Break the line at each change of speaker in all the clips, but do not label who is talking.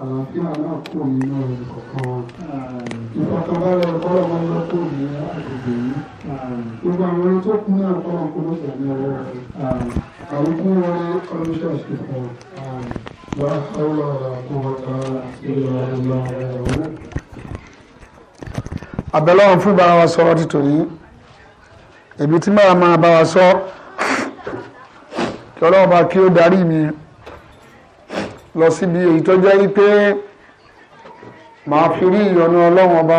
àlàáfíà náà kò nínú ẹ̀rọ kọ̀ọ̀kan ìfọ̀kànbalẹ̀ ọ̀kọ́rọ̀ máa ń lọ kó ní àgbègbè yìí gbogbo àwọn ẹni tó kún náà kọ́ ọ̀kọ́ ló tẹ̀lé ọwọ́ àlùkù wọlé ọlọ́ṣẹ́ ìṣẹ̀fọ̀ wà áwọ̀ àkọ́wọ́ta ìlọ ìlọ ìyàwó. àbẹ̀lọ́run fún bára wa sọ̀rọ̀ ti tòní èmi tí máa máa wa sọ kí ọlọ́run kí ó darí mi lọ síbi èyí tó jẹ́ wípé màá fi rí ìyọnu ọlọ́run ọba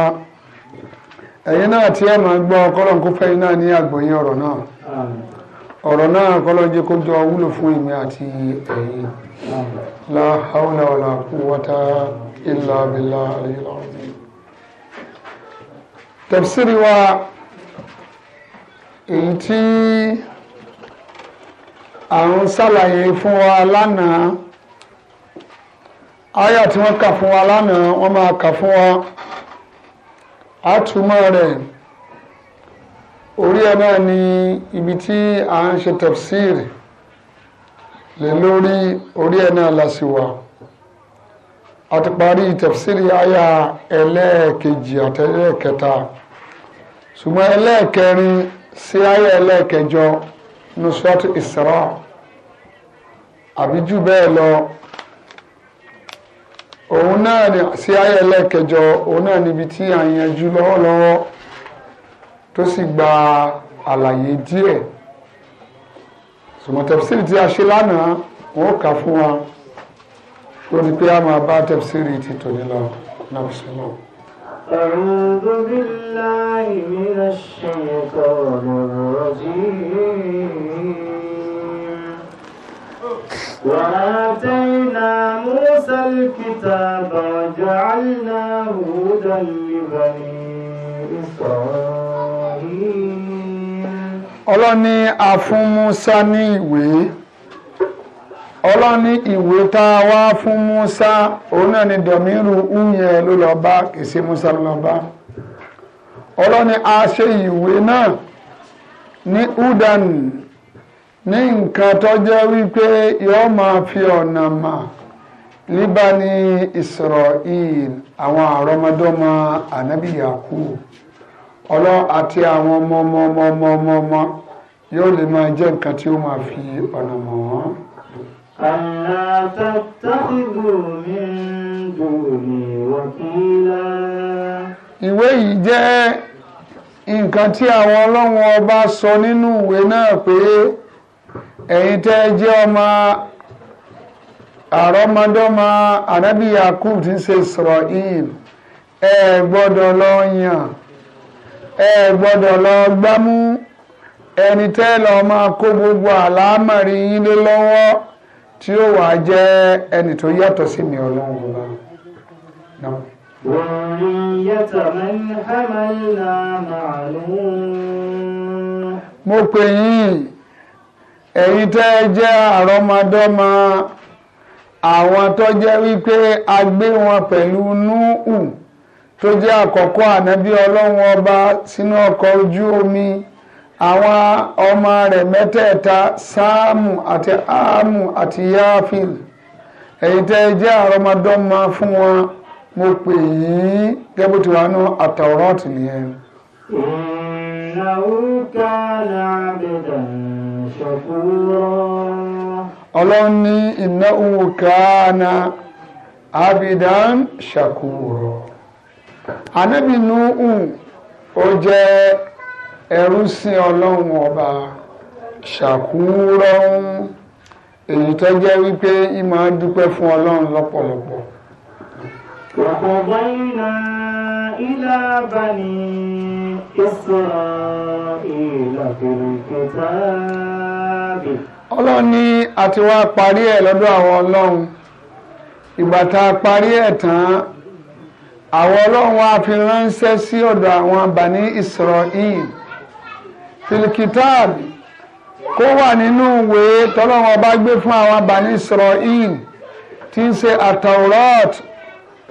ẹ̀yin náà tí ẹ̀ máa gbọ́ kọ́lọ́n kó fẹ́ iná ní àgbọ̀yìn ọ̀rọ̀ náà ọ̀rọ̀ náà kọ́lọ́n jẹ́ kó jọ wúlò fún èmi àti ẹ̀yin la hawla wala quwwata illa billah aliyu ọ̀rọ̀ wa èyí tí à ń ṣàlàyé fún wa lánàá àyà tí wọ́n kà fún wa lánàá wọ́n máa kà fún wa àtúmọ̀ rẹ̀ orí ẹ̀ náà ni ibi tí à ń ṣe tafsir lé lórí orí ẹ̀ náà la sì wà a ti parí tafsir àyà ẹlẹ́ẹ̀kejì àtẹlẹ́ẹ̀kẹta ṣùgbọ́n ẹlẹ́ẹ̀kẹrin sí àyà ẹlẹ́ẹ̀kẹjọ nusrat Isra àbí jù bẹ́ẹ̀ lọ òun náà ni sí ayé ẹlẹ́ẹ̀kẹjọ òun náà níbi tí à yanjú lọ́wọ́lọ́wọ́ tó sì gba àlàyé díẹ̀ ṣùgbọ́n tẹ̀síìrì tí a ṣe lánàá wọ́n kà fún wa lórí pé a máa bá tẹ̀síìrì ti tòní lọ náà sí lọ.
أعوذ بالله من الشيطان الرجيم وآتينا موسى الكتاب وجعلناه هدى لبني إسرائيل ọlọ́ni a fún
Musa ní ìwé ọlọ́ni ìwé tá a wá fún Musa òun náà ni dọ̀míru uyẹn ló lọ bá kìí ṣe Musa bá ọlọ́ni a ìwé náà ní udan ní nǹkan tó jẹ́ wípé yóò máa fi ọ̀nà mà níbà ní Israel àwọn àrọmọdọ́mọ ànábì ọlọ́ àti àwọn ọmọ yóò lè máa jẹ́ nǹkan fi ọ̀nà mọ̀ wọ́n.
àlá tàtàkìgbò mi ń dùnì ìwé yìí jẹ́
nǹkan tí àwọn ọlọ́run ọba sọ nínú ìwé náà pé. ẹ̀yin tẹ́ jẹ́ ọmọ àrọ́mọdọ́mọ anabi yakub ti ń ṣe sọ̀rọ̀ in ẹ gbọ́dọ̀ lọ yàn ẹ gbọ́dọ̀ lọ gbámú ẹni tẹ́ lọ máa kó gbogbo àlámàrin yín lé lọ́wọ́ tí ó wàá jẹ́ ẹni tó yàtọ̀ sí mi ọlọ́run ọba. Mo pè yín. ẹ̀yin tẹ́ ẹ jẹ́ àrọ́mọdọ́mọ àwọn tó jẹ́ wípé a gbé wọn pẹ̀lú núhù tó jẹ́ àkọ́kọ́ ànábí ọlọ́run ọba sínú ọkọ̀ ojú omi àwọn ọmọ rẹ̀ mẹ́tẹ̀ẹ̀ta sáàmù àti áàmù àti yáfìl ẹ̀yin tẹ́ ẹ jẹ́ àrọ́mọdọ́mọ fún wọn mo pè yín gẹ́gẹ́ bó ti nú àtàwọ̀rọ̀ tì nìyẹn.
òun làwọn kà láàbẹ̀dà. ọlọ́run ní innahu kana
abidan shakura ànábì Nuhu ó jẹ́ ẹrú sí ọlọ́run ọba ṣàkúrọ̀ èyí tó jẹ́ wípé ìmọ̀ dúpẹ́ fún ọlọ́run lọ́pọ̀lọpọ̀.
وقضينا إلى بني ọlọ́run ni a ti wá parí ẹ̀ lọ́dọ̀ àwọn ọlọ́run
ìgbà tá a parí ẹ̀ tán àwọn ọlọ́run wa fi ránṣẹ́ sí ọ̀dọ̀ àwọn Bani Israel tìlìkìtáàbì kó wà nínú ìwé tọ́lọ́run ọba gbé fún àwọn Bani Israel tí ń ṣe àtàwọ̀rọ̀t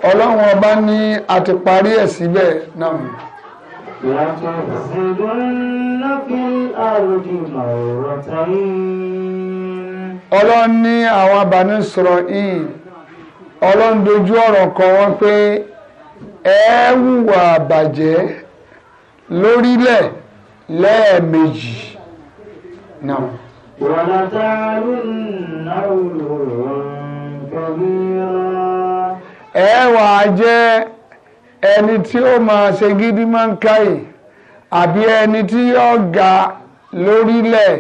ọlọ́run ọba ní ti parí ẹ̀ síbẹ̀ náà. وتفسدن في ọlọ́run ní àwọn yìí ọlọ́run dojú ọ̀rọ̀ kọ wọ́n pé ẹ bàjẹ́
lórílẹ̀ lẹ́ẹ̀mejì náà. wà táàrú
jẹ́ ẹni tí ó máa ṣe gidi máa ń káyè àbí ẹni tí yóò ga lórílẹ̀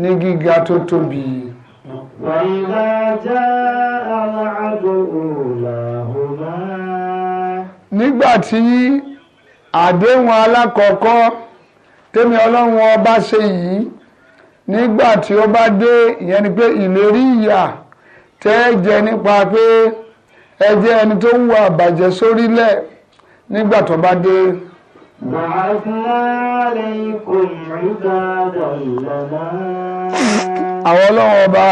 ní gíga tó tóbi.
wàyíwá já aláàbò làhùnmá.
nígbà tí àdéhùn alákọ̀ọ́kọ́ tèmi ọlọ́run ọba ṣe yìí nígbà tí ó bá dé ìyẹn ni pé ìlérí ìyà tẹ́ jẹ nípa pé ẹ jẹ́ ẹni tó ń wà bàjẹ́ sórílẹ̀ nígbà tó bá dé.
àwọn ọlọ́run ọba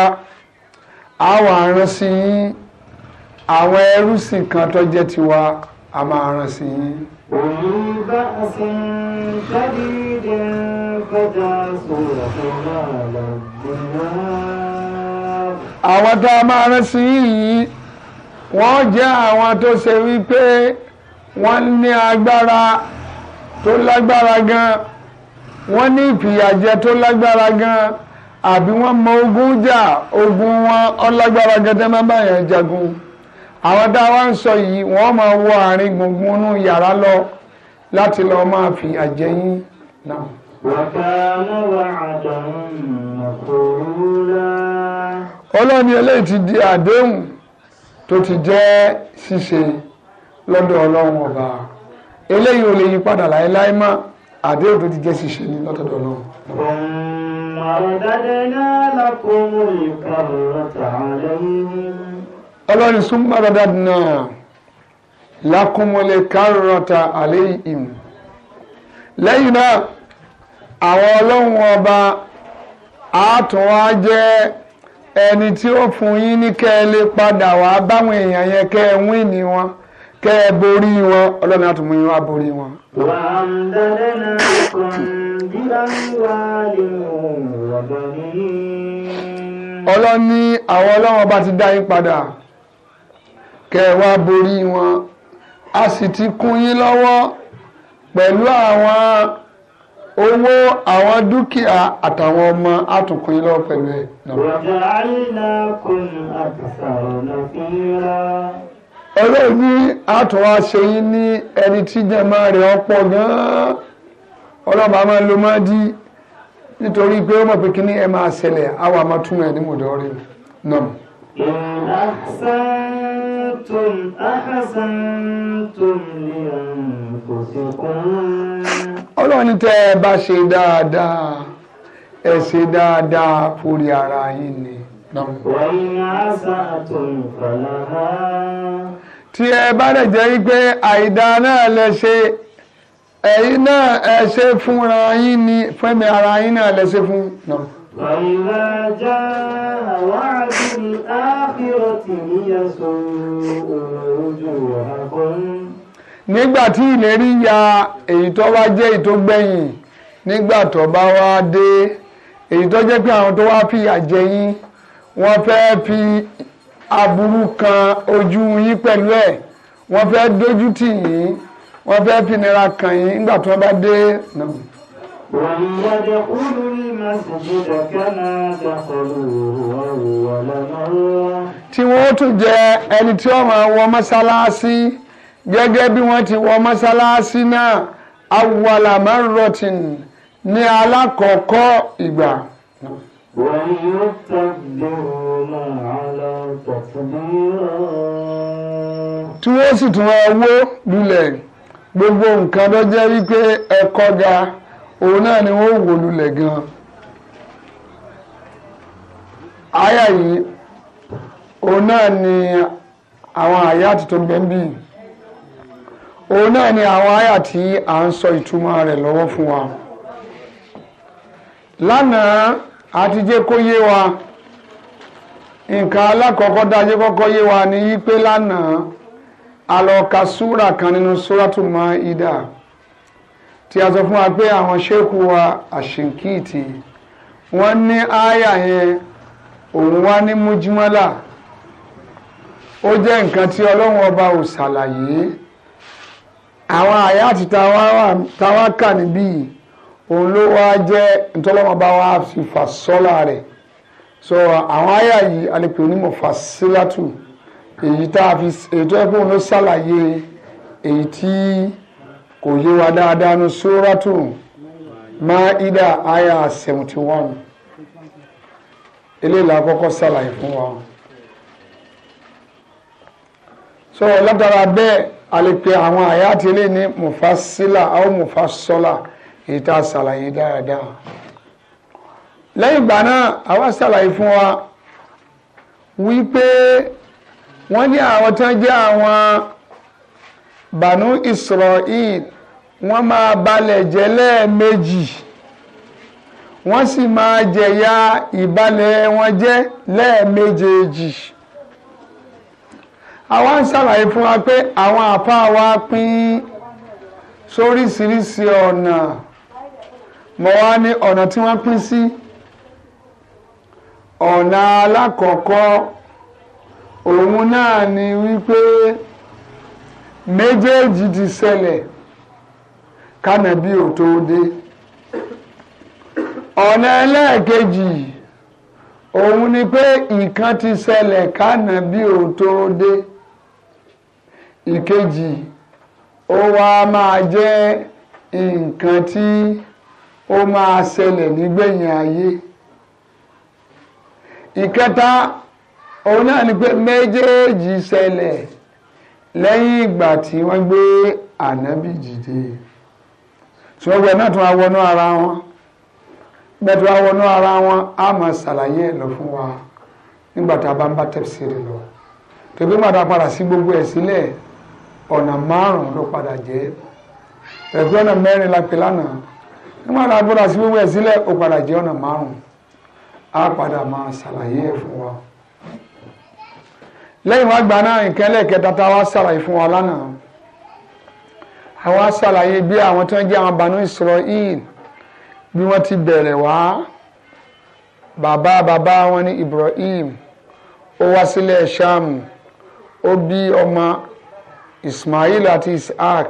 àwọn àrùn sí yín
àwọn ẹrúsìn kan tó jẹ́ tiwa a máa rán sí yín.
òun bá a
sì ń jáde
jẹ́ kọjá sóra tó máa lọ gbọ́nà.
àwọn tá a máa rán sí yín wọ́n jẹ́ àwọn tó ṣe wípé. wọ́n ní agbára tó lágbára gan wọ́n ní ìfìyàjẹ tó lágbára gan àbí wọ́n mọ ogun jà ogun wọn ọlágbára gan tẹ́ máa bá yẹn jagun àwọn tá a wá ń sọ yìí wọ́n máa wọ àárín gbùngbùn inú yàrá lọ láti lọ máa fi àjẹ yín náà.
وَكَانَ وَعْدًا مَّفْعُولًا
ọlọ́ni eléyìí ti di àdéhùn tó ti jẹ́ ṣíṣe. lọ́dọ̀ ọlọ́run ọba eléyìí ò lè yí padà láéláé má àdéhùn tó ti jẹ́ sì ṣe ní lọ́dọ̀ ọlọ́run. ọlọ́run súnmọ́ dáadáa náà lákùnmọ́lé kárọ̀tà àléyìn lẹ́yìn náà àwọn ọlọ́run ọba àtúnwá jẹ́ ẹni tí ó fún yín ní kẹ́ ẹ lè padà wá báwọn èèyàn yẹn kẹ́ ẹ wíìnì wọn kẹ́ ẹ borí wọn ọlọ́run àti mú yín wá borí wọn.
wà á ń dalẹ̀ náà kàn bíra wà
ọlọ́ni àwọn ọlọ́wọ́n bá ti dá yín padà kẹ́ ẹ wá borí wọn a sì ti kún yín lọ́wọ́ pẹ̀lú àwọn owó àwọn dúkìá àtàwọn ọmọ àtùnkùn yín lọ́wọ́ pẹ̀lú ẹ̀. wàjà
àìlà kùn àti sàrọ̀ nà fi rà.
ọlọ́run ní àtọ̀wá ní ẹni tí jẹ̀mọ́ rẹ̀ ọ̀pọ̀ gan-an ló máa dí nítorí pé ó mọ̀ pé kíní ẹ máa ṣẹlẹ̀ àwọn àmọ́ tún ẹ̀ ní mọ̀dọ́rẹ́ náà. tẹ́ ẹ bá ṣe dáadáa ẹ ṣe dáadáa forí ara yín ni وإن
عصيتم فلها
tí ẹ bá dẹ̀ jẹ́ wípé àìdá náà lẹ ṣe ẹ̀yin náà ẹ ṣe fúnra yín ni fẹ́mi ara yín náà lẹ ṣe fún náà.
وإذا جاء وعد الآخرة ليسوء وجوهكم.
nígbà tí ìlérí ya èyí tó wá jẹ́ èyí tó gbẹ̀yìn nígbà tó bá wá dé èyí tó jẹ́ pé àwọn tó wá fìyà jẹ yín wọ́n fẹ́ fi aburú kan ojú yín pẹ̀lú ẹ̀ wọ́n fẹ́ dójú tì yín wọ́n fẹ́ fi nira kàn yín nígbà tí wọ́n bá dé náà.
وإذا دخلوا المسجد كما دخلوه أول
tí wọ́n tún jẹ ẹni tí wọ́n máa wọ mọ́sálásí gẹ́gẹ́ bí wọ́n ti wọ mọ́sálásí náà awwala marratin ní alákọ̀ọ́kọ́ ìgbà. tí wọ́n sì tún máa wó lulẹ̀ gbogbo nǹkan tó jẹ́ wípé ga òun náà ni wọ́n wó lulẹ̀ gan-an. àyà yìí ni àwọn àyà tuntun gbẹ̀ǹbì òun náà ni àwọn àyà tí à ń sọ ìtumọ̀ rẹ̀ lọ́wọ́ fún àti jẹ́ kó yé wa nǹkan alákọ̀ọ́kọ́ dájẹ́ kọ́kọ́ yé wa ni yípe lánàá alọ́ka súrà kan nínú súràtù Máídà tí a sọ fún wa pé àwọn ṣéèkù wa àṣìǹkìtì wọ́n ní ááyà yẹn òun wá ní mújímọ́là ó jẹ́ nǹkan tí ọlọ́run ọba ò ṣàlàyé àwọn àyà àti táwa kà níbí yìí òun ló wá jẹ́ ntọ́lọ́mọba wa fi fà sọ́lá rẹ̀ so àwọn àyà yìí a lè pè ní mufassilatu èyí tá a fi èyí tó yẹ kó òun ló ṣàlàyé èyí tí kò yé wa dáadáa ní sóràtù Maida àyà seventy one eléyìí la kọ́kọ́ ṣàlàyé fún wa so látara bẹ́ẹ̀ a lè pè àwọn àyà àti eléyìí ní mufassila àwọn mufassola ìta ṣàlàyé dáadáa lẹ́yìn ìgbà náà àwa ṣàlàyé fún wa wípé wọ́n ní àwọn tán jẹ́ àwọn bànú Israel wọ́n máa balẹ̀ jẹ́ lẹ́ẹ̀mejì wọ́n sì máa jẹ̀yà ìbalẹ̀ wọn jẹ́ lẹ́ẹ̀mejèèjì àwa ń ṣàlàyé fún wa pé àwọn àpá wa pín sóríṣiríṣi ọ̀nà. So mo wá ní ọ̀nà tí wọ́n pín sí ọ̀nà alákọ̀ọ́kọ́ òun náà ni wípé méjèèjì ti ṣẹlẹ̀ kánàbí ò tó dé ọ̀nà ẹlẹ́ẹ̀kejì òun ni pé ìkan ti ṣẹlẹ̀ kánàbí ò tó dé ìkejì ó wá máa jẹ́ nǹkan tí. Tí ó máa ṣẹlẹ̀ nígbẹ̀yìn ayé ìkẹta òun náà ni pé méjèèjì ṣẹlẹ̀ lẹ́yìn ìgbà tí wọ́n gbé ànábì jìde ṣùgbọ́n náà tún wá wọnú ara wọn bẹ́ẹ̀ tún ara wọn á máa ṣàlàyé ẹ̀ lọ fún wa nígbà tá a bá ń bá tẹ̀síìrì lọ tòbí padà padà sí gbogbo ẹ̀ sílẹ̀ ọ̀nà márùn-ún ló padà jẹ́ ẹ̀gbọ́n náà mẹ́rin la pè lánàá nígbà tá a bọ́ra sí wíwẹ̀ sílẹ̀ ó padà jẹ́ ọ̀nà márùn-ún á padà máa ṣàlàyé ẹ̀ fún wa lẹ́yìn wá gba náà nǹkan lẹ́ẹ̀kẹta tá a wá ṣàlàyé fún wa lánàá a wá ṣàlàyé bí àwọn tó ń jẹ́ àwọn Banu Israel bí wọ́n ti bẹ̀rẹ̀ wá bàbá bàbá wọn ní Ibrahim ó wá sílẹ̀ Sham ó bí ọmọ Ismail àti Isaac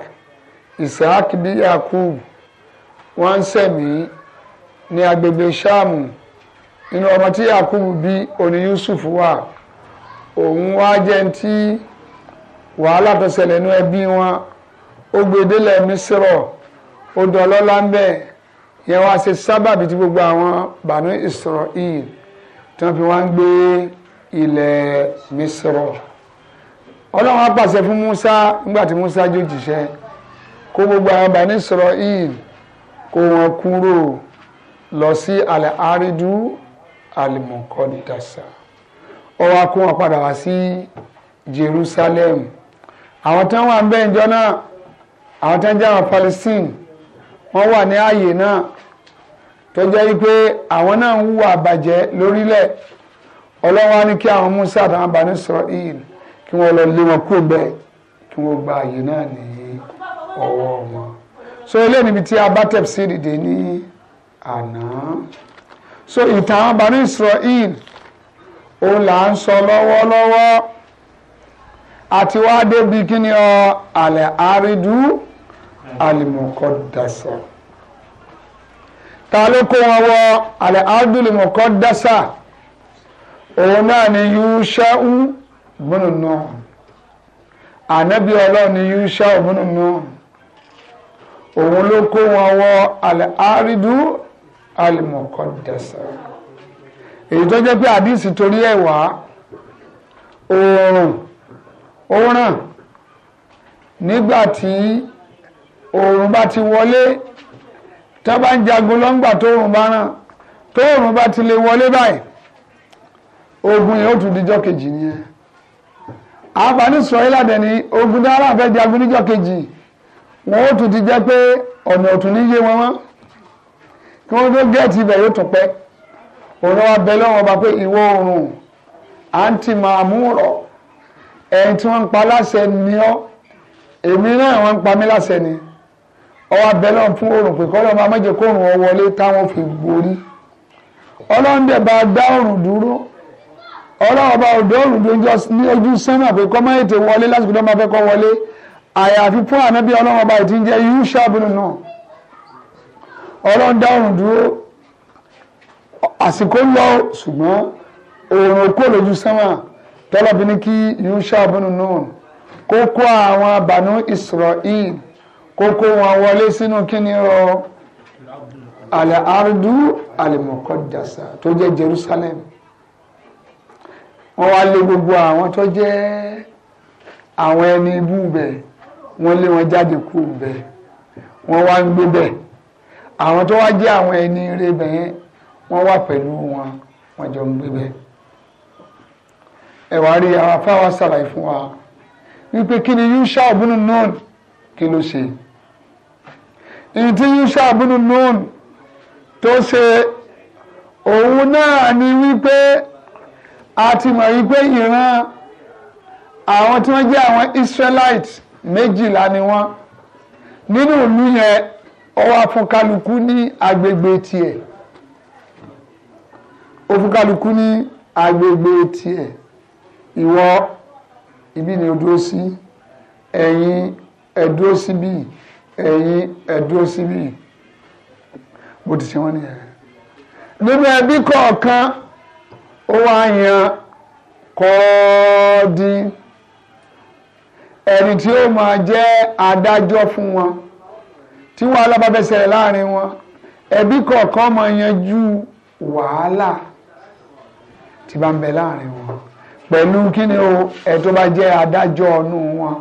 Isaac bí Yakub. wọ́n ń sẹ̀mí ní agbègbè nínú ọmọ tí yakubu bí oní yusuf wà òun wá jẹ́ tí wàhálà tó ṣẹlẹ̀ nínú ẹbí wọn ó gbé e délẹ̀ mísírọ̀ ó ń bẹ̀ sábàbí tí gbogbo àwọn bànú Israel tí wọ́n fi wá ń gbé ilẹ̀ mísírọ̀ ọlọ́run musa nígbà musa jìṣẹ́ gbogbo àwọn bànú kó wọn kúrò lọ sí alẹ́ àrídú alimọ̀kọ́dásá ọ wá kó wọn padà wá sí Jerusalem àwọn tí wà ń bẹ ìjọ náà àwọn wọn àwọn Palestine wọ́n wà ní ààyè náà tó jẹ́ wípé àwọn náà ń hùwà àbàjẹ́ lórílẹ̀ ọlọ́wọ́ ní kí àwọn Musa àtàwọn bá sọ ìl kí wọ́n lọ lé wọn kúrò bẹ́ẹ̀ gba ààyè náà ní
ọwọ́ wọn.
so eléyìí níbi tí a bá tẹ̀síìrì ní àná so ìtàn Bani Israel òun là ń sọ lọ́wọ́lọ́wọ́ àti wá débi kí ni ọ àlẹ́ àrídú àlìmọ̀kọ́ dàsà ta ló kó wọn wọ àlẹ́ àrídú àlìmọ̀kọ́ dàsà òun náà ni Yusha'u bùnú náà ànábì ọlọ́run ni Yusha'u bùnú náà òun ló kó wọn wọ àrídú àlìmọ̀kọ́dẹ́sà èyí tó jẹ́ pé àdìsí torí ẹ̀ wá oòrùn oòrùn nígbà tí oòrùn bá ti wọlé tó bá ń jagun lọ́ngbà tó oòrùn bá ràn tó oòrùn bá ti lè wọlé báyìí ogun yẹn tún díjọ́ kejì nìyẹn àǹfààní sọ̀rọ̀ ìlàdẹ̀ ni ogun dára fẹ́ jagun níjọ́ kejì wọn ó tún ti jẹ́ pé ọ̀nà ọ̀tún ní yé wọn mọ́ kí wọ́n tó gẹ̀ẹ́tì ibẹ̀ yóò tún pẹ́ òun wá bẹ lọ́wọ́ ọba pé ìwọ oòrùn à ń ti máa mú rọ̀ ẹ̀yìn tí wọ́n ń pa láṣẹ ni ọ́ èmi náà wọ́n ń pa mí láṣẹ ni ọwọ́ abẹ lọ́wọ́ fún oòrùn pé kọ́lọ́ máa mẹ́jẹ kóòrùn ọ wọlé táwọn fi borí ọlọ́run dẹ̀ bá dá oòrùn dúró ọlọ́run bá ọ̀dọ́ oòrùn dúró ní ojú sánmà pé kọ́ máa ètè wọlé lásìkò tó máa fẹ́ kọ́ wọlé àyàfi fún ànábì ọlọ́run ọba ìtí ń jẹ́ yúṣà bínú náà ọlọ́run dáhùn dúró àsìkò lọ ṣùgbọ́n òòrùn kò lójú sánmà tọ́lọ́bí ní kí yúṣà bínú náà kó kó àwọn àbànú Israel kó kó wọn wọlé sínú kíni ọ alẹ́ ardu alimọ̀kọ́dàsá tó jẹ́ Jerusalem wọ́n wá lé gbogbo àwọn tó jẹ́ àwọn ẹni ibú bẹ́ẹ̀ wọ́n lé wọn jáde kú bẹ́ẹ̀ wọ́n wá ń gbé bẹ́ẹ̀ àwọn tó wá jẹ́ àwọn ẹni rẹ bẹ́ẹ̀ wọ́n wà pẹ̀lú wọn wọ́n jọ ń gbé bẹ́ẹ̀ ẹ̀wà rí àwọn afáwa ṣàlàyé fún wa wípé kí ni yúṣà òbúnú náà kí ló ṣe èyí tí yúṣà òbúnú náà tó ṣe òun náà ni wípé a ti mọ̀ wípé ìran àwọn tí wọ́n jẹ́ àwọn Israelite méjìlá ni wọ́n nínú ìlú yẹn ó wá fún kálukú ní agbègbè tiẹ̀ ó fún ní agbègbè tiẹ̀ ìwọ ibi ni o dúró sí ẹ̀yin ẹ dúró síbí ẹ̀yin ẹ dúró síbí bó ti ṣe wọ́n nìyẹn nínú ẹbí kọ̀ọ̀kan ó wá yan kọ́ọ́dín. ẹni tí ó máa jẹ́ adájọ́ fún wọn tí wàhálà bá fẹ́ ṣẹlẹ̀ láàrin wọn ẹbí kọ̀ọ̀kan máa yanjú wàhálà tí bá ń bẹ láàrin wọn pẹ̀lú kíni o ẹ̀ tó bá jẹ́ adájọ́ ọ̀nù wọn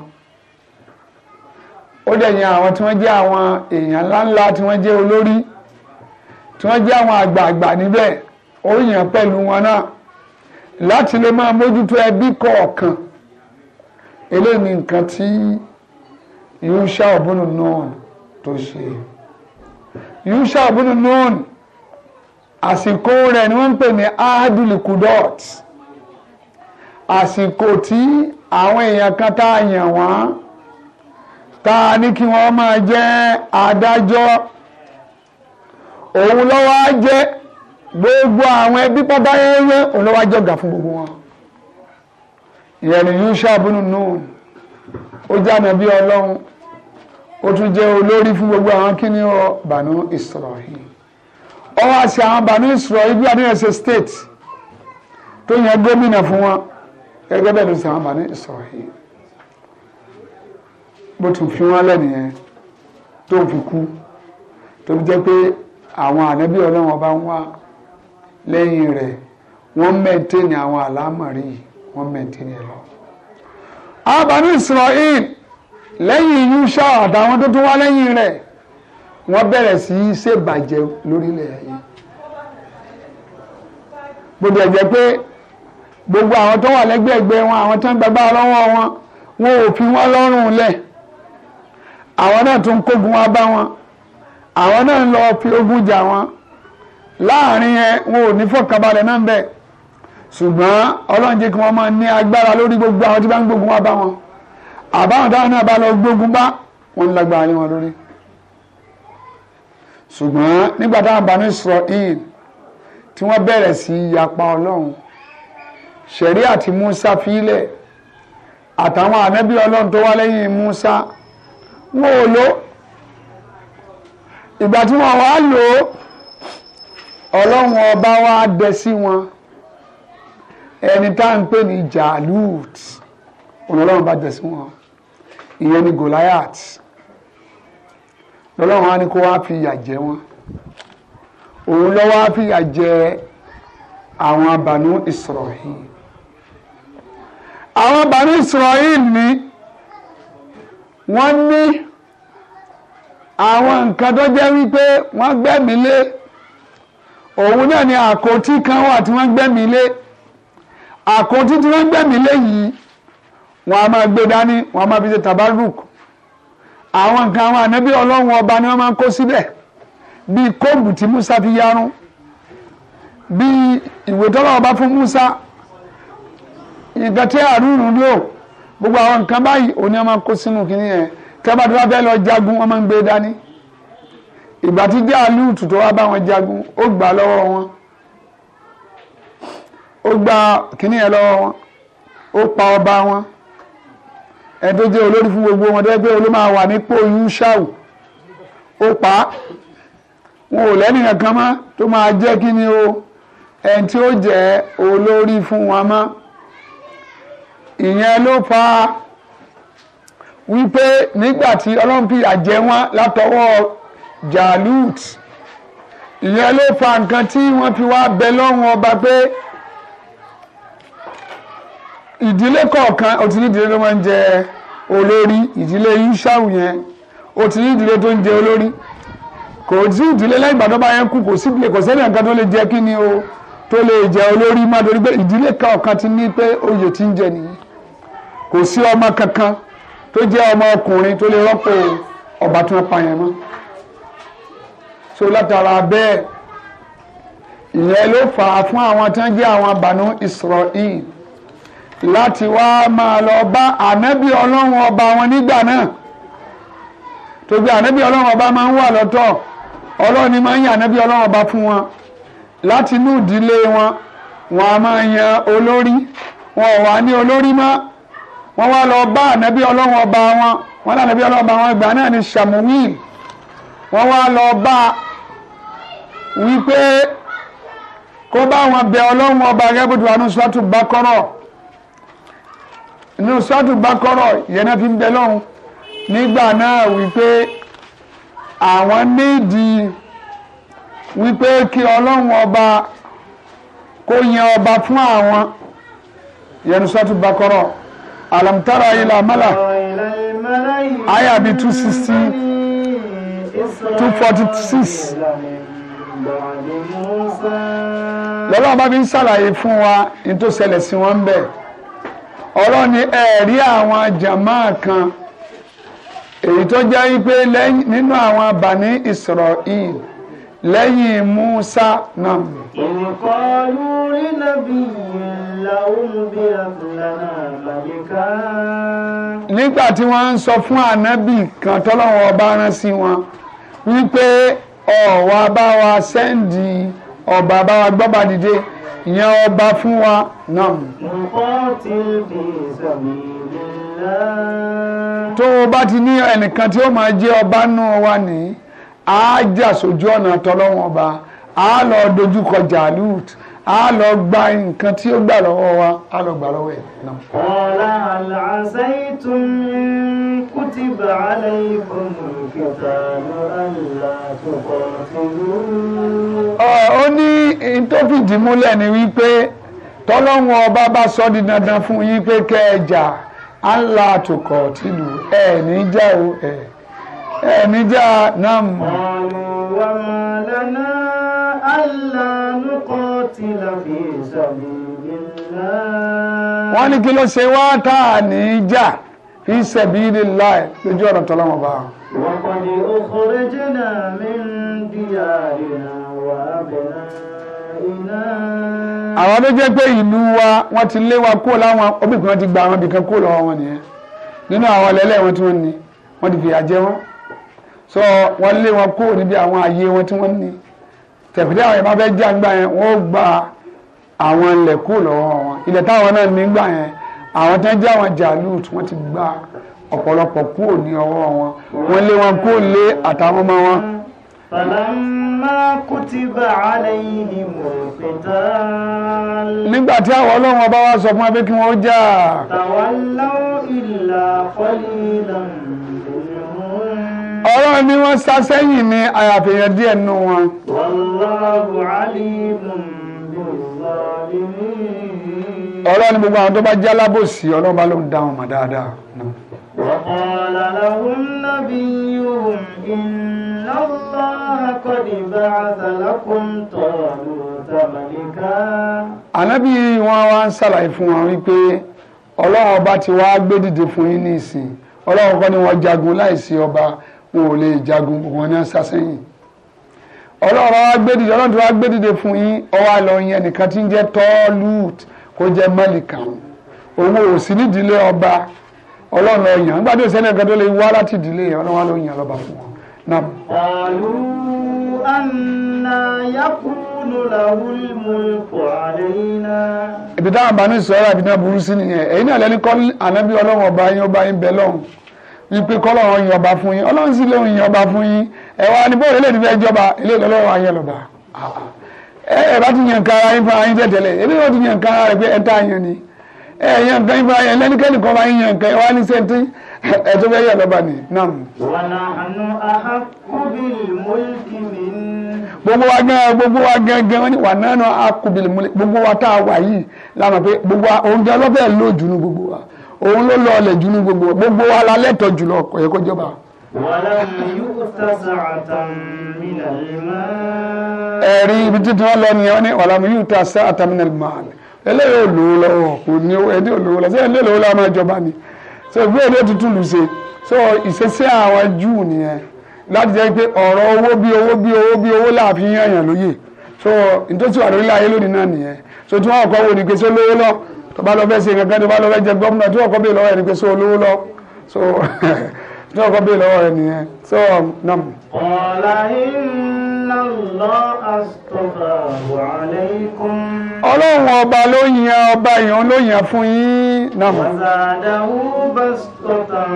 ó dẹ̀ yan àwọn tí wọ́n jẹ́ àwọn èèyàn ńláńlá tí wọ́n jẹ́ olórí tí wọ́n jẹ́ àwọn àgbààgbà níbẹ̀ ó yàn pẹ̀lú wọn náà láti lè máa mójútó ẹbí kọ̀ọ̀kan eléyìí ni nǹkan tí yúṣà ọ̀bùnú nùn tó ṣe yúṣà ọ̀bùnú nùn àsìkò rẹ̀ ni wọ́n ń pè ní adulikudot àsìkò tí àwọn èèyàn kan tá a yàn wọ́n tá a ní kí wọ́n máa jẹ́ adájọ́ òun ló wá jẹ́ gbogbo àwọn ẹbí pátá yẹn yẹn òun ló wá jọ̀gá fún gbogbo wọn ìyẹn ni Yusha bunu Nun ó jáde bí ọlọ́run ó tún jẹ́ olórí fún gbogbo àwọn kíní ọ Banu Israel ó wá sí àwọn Banu Israel bí adéyẹ ṣe state tó yẹn gómìnà fún wọn gẹ́gẹ́ bẹ́ẹ̀ ló sì àwọn Banu Israel bó tún fi wọn lẹ́nìyẹn tó fi kú tó fi jẹ́ pé àwọn ànábì ọlọ́run ọba ń wá lẹ́yìn rẹ̀ wọ́n mẹ́ntẹ́ni àwọn àlámọ̀rí yìí wọ́n mẹ̀ntẹ́ni ẹ̀ lọ. abani Israel lẹ́yìn Yúṣà àtàwọn tó tún wá lẹ́yìn rẹ̀ wọ́n bẹ̀rẹ̀ sí í ṣèbàjẹ́ lórílẹ̀ yìí. gbogbo ẹ̀jẹ̀ pé gbogbo àwọn tó wà lẹ́gbẹ̀ẹ́gbẹ́ wọn àwọn tó ń gbàgbá lọ́wọ́ wọn wọn ò fi wọn lọ́rùn lẹ̀ àwọn náà tún kógun wá bá wọn àwọn náà ń lọ fi ogun jà wọn láàrin yẹn wọn ò ní fọkànbalẹ̀ náà bẹ́ẹ̀ ṣùgbọ́n ọlọ́run jẹ́ kí wọ́n máa ní agbára lórí gbogbo àwọn tí bá ń gbógun wá bá wọn àbáwọn táwọn náà bá lọ gbógun bá wọn lágbára lé wọn lórí ṣùgbọ́n nígbà táwọn bá ní Israel tí wọ́n bẹ̀rẹ̀ sí yapa ọlọ́run ṣẹ̀rí àti Musa fílẹ̀ àtàwọn ànábì ọlọ́run tó wá lẹ́yìn Musa wọn ò lò ìgbà tí wọn wá lò ọlọ́run ọba wa dẹ sí wọn ẹni tá à ń pè ní Jalut ọlọ́run bá jẹ̀sí wọn ìyẹn ni Goliath lọ́lọ́run á ní kó wá fi ìyà jẹ wọn òun ló wá fi ìyà jẹ àwọn abànú Israel àwọn abànú Israel ni wọ́n ní àwọn nǹkan tó jẹ́ wípé wọ́n gbẹ́mí lé òun náà ni àkótí kan wà tí wọ́n gbẹ́mí lé àkóntí tí wọ́n gbẹ̀mí léyìí wọ́n á máa gbé dání wọ́n á máa fi ṣe tabaruk àwọn nǹkan àwọn ànábì ọlọ́run ọba ni wọ́n máa ń kó síbẹ̀ bíi kóòbù tí Musa fi yarun bíi ìwé tọ́lọ́ ọba fún Musa nǹkan tí àrùn lò gbogbo àwọn nǹkan báyìí òní wọ́n máa kó sínú kínní yẹn tẹ́bà tó lọ jagun wọ́n máa ń gbé dání ìgbà tí jáàlú tùtù wá bá wọn jagun ó gbà lọ́wọ́ wọn ó gba kínní yẹn lọ́wọ́ wọn ó pa ọba wọn ẹni tó jẹ́ olórí fún gbogbo wọn dẹ́gbẹ́ olóma wà nípò yúṣàù ó pa á wọn ò lẹ́nìyàn kan mọ́ tó máa jẹ́ kí ni o ẹni tí ó jẹ́ olórí fún wọn mọ́ ìyẹn ló fa wípé nígbà tí ọlọ́run fi wọn látọwọ́ Jalut ìyẹn ló fa nǹkan tí wọ́n fi wá bẹ lọ́rùn ọba pé ìdílé kọ̀ọ̀kan ó ti ní ìdílé tó máa ń jẹ olórí ìdílé yúṣàù yẹn ó ti ní ìdílé tó ń jẹ olórí kò sí ìdílé lẹ́yìn ìgbà tó bá yẹn kú kò sí ìdílé kò sẹ́ni nǹkan tó lè jẹ kí ni o tó lè jẹ olórí má torí pé ìdílé kọ̀ọ̀kan ti ní pé oyè ti ń jẹ nìyí kò sí ọmọ kankan tó jẹ́ ọmọ ọkùnrin tó lè rọ́pò ọba tí wọ́n pa yẹn mọ́ so látara bẹ́ẹ̀ ìyẹn ló fà á fún àwọn tí wọ́n jẹ́ àwọn Banu Israel láti wá máa lọ bá ànábì ọlọ́run ọba wọn nígbà náà tó gbé ànábì ọlọ́run ọba máa ń wà lọ́tọ̀ ọlọ́run ni máa ń yàn ànábì ọlọ́run ọba fún wọn láti inú ìdílé wọn wọn a máa yan olórí wọn ò wá ní olórí mọ́ wọ́n wá lọ bá ànábì ọlọ́run ọba wọn wọ́n lànà ọlọ́run ọba wọn ìgbà náà ni Samuel wọ́n wá lọ bá wípé kó bá wọn bẹ ọlọ́run ọba gẹ́gẹ́ bó wà ní sọ́tù bákọ́rọ̀ nínú sọ́ọ̀tù bá kọ́rọ̀ ìyẹn náà fi ń bẹ lọ́hùn nígbà náà wípé àwọn nídìí wípé kí ọlọ́run ọba kó yan ọba fún àwọn ìyẹn ní bá kọ́rọ̀ alamtara ilà mala aya bi two sixty two forty six lọ́lọ́run bá fi ń ṣàlàyé fún wa ní tó sí wọn bẹ́ẹ̀ ọlọ́run ni ẹ̀rí àwọn jàmáà kan èyí tó jẹ́ wípé nínú àwọn Bani Israel lẹ́yìn Musa náà.
ìrìnkọ́ lórí nàbí làwọn bí àbúlànà àbàdìkà.
nígbà tí wọ́n ń sọ fún ànábì kan tọ́lọ́wọ́ ọba rán sí wọn wípé ọ̀wá bá wa sẹ́ǹdì. Oh, ọba bá wa gbọ́ba dìde ìyẹn ọba fún wa náà. tó o bá ti ní ẹnìkan tí ó máa jẹ́ ọba nù wa ní àájà sójú ọ̀nà tọ́lọ́wọ́n ọba àá lọ dojúkọ Jàlúùtù a lọ gba nǹkan tí ó gbà lọ́wọ́ wa a lọ gbà lọ́wọ́ ẹ̀ náà.
ọ̀la àlàáṣẹ́ ìtún kútìbà aláìkùn kìtà lọ́la àtúkọ̀ tìlú.
ó ní ìtòfìdí ni wípé tọ́lọ́hún bàbá bá dán fún yín pé kẹ́ ẹ jà á ń la
tìlú ẹ̀ ní já o ẹ̀ ní já náà mọ̀. ọ̀run ألا نقاتل في سبيل الله wọ́n ní
kí ló ṣe wá tá a ní í jà fi sabilillah lójú ọ̀nà tọ́lọ́mọ bá.
وقد أخرجنا من ديارنا وأبنائنا. àwọn
tó jẹ́ pé ìlú wa wọ́n ti lé wa kúrò láwọn obìnrin kan ti gba àwọn ibìkan kúrò lọ́wọ́ wọn nìyẹn nínú àwọn ẹlẹ́lẹ́ wọn tí wọ́n ní wọ́n ti fìyà jẹ wọ́n so wọ́n lé wọn kúrò níbi àwọn ààyè wọn tí wọ́n ní tẹ̀fìdí àwọn yẹn fẹ́ já gbà yẹn wọ́n gba àwọn ilẹ̀ kú lọ́wọ́ wọn ilẹ̀ táwọn náà ní gbà yẹn àwọn tẹ́ jẹ́ àwọn jàlúùtù wọ́n ti gba ọ̀pọ̀lọpọ̀ kú ní ọwọ́ wọn wọ́n lé wọn kó lé àtàwọn ọmọ wọn.
falamma kutiba alayhimul qital. nígbà tí àwọn ọlọ́run
ọba wa sọ fún wa pé kí wọ́n jà.
tawallaw illa qalilan
ọ̀rọ̀ ni wọ́n sá sẹ́yìn mi àyàfihàn díẹ̀ nínú wọn.
Wallahu alimun bizzalimin. ọ̀rọ̀ ni gbogbo àwọn
tó bá jẹ́ alábòsí ọlọ́run bá ló ń dá wọn mọ̀ dáadáa.
wa qala lahum nabiyyuhum inna Allaha qad ba'atha lakum Taluta malika.
ànábì wọn wá ń ṣàlàyé fún wọn wípé ọlọ́run ọba ti wá gbé dìde fún yín ní ìsìn ọlọ́run kọ́ ni wọ́n jagun láìsí ọba wọn ò lè jagun wọn ní sá sẹ́yìn ọlọ́run wa gbé fún yín ọwọ́ àlọ́ yẹn nìkan tí ń jẹ́ tọ́lùt kó jẹ́ òun ò sí ọba ọlọrọ ọ̀yàn nígbà tó tó lè wá láti ìdílé fún wọn.
yakunu
ọba yín ọba ipe kọ́lọ̀ wọn yọba fún yín ọlọ́run sì lóun yọba fún yín ẹ̀wà ni bóyá eléyìí fẹ́ jọba eléyìí lọ́wọ́ ayé lọ́ba ẹ ẹ bá ti yàn ká ara yín fún ara yín tẹ̀tẹ̀lẹ̀ ebi yóò ti yàn ká ara rẹ̀ pé ẹ tá yàn ni ẹ yàn ká yín fún ara yẹn lẹ́nikẹ́ni kan bá yín yàn ká wá ní sẹ́ńtì ẹ tó yẹ lọ́ba ni nam. gbogbo wa gan gbogbo wa gan gan wọn ni wà nánà akubili gbogbo wa tá a wà yìí làwọn gbogbo wa òun jẹ ọlọ́fẹ́ lójú nu òun ló lọ ọlẹ̀ jù ní gbogbo gbogbo wa la lẹ́tọ̀ jùlọ kò yẹ kó jọba. ẹ̀rí ibi títí wọn lọ nìyẹn wọn ní wàlámù yóò ta sá àtàmínà màálì eléyìí ò lówó lọ́wọ́ kò ní ẹni ò lówó lọ́wọ́ sẹ́yìn eléyìí ò lọ́wọ́ máa jọba ni so bí èdè tuntun lù ṣe so ìṣesí àwọn júù nìyẹn láti jẹ́ pé ọ̀rọ̀ owó bí owó bí owó bí owó láàfin yàn yàn lóye so nítorí wà lórílẹ̀ ayé lónìí náà nìyẹn so tí wọ́n kọ́ wo ni pé sọ lówó lọ́wọ́ tó bá lọ fẹ́ ṣe kankan tó bá lọ fẹ́ jẹ gómìnà tí ọkọ bèè lọ́wọ́ ẹni pé so olówó lọ so tí ọkọ bèè lọ́wọ́ ẹni yẹn so nam.
ọ̀la iná lọ àtọ̀bà wà lẹ́kùn. ọlọ́run
ọba ló yan ọba èèyàn ló yan fún yín nam.
wàzàdàwù bá sọ̀tàn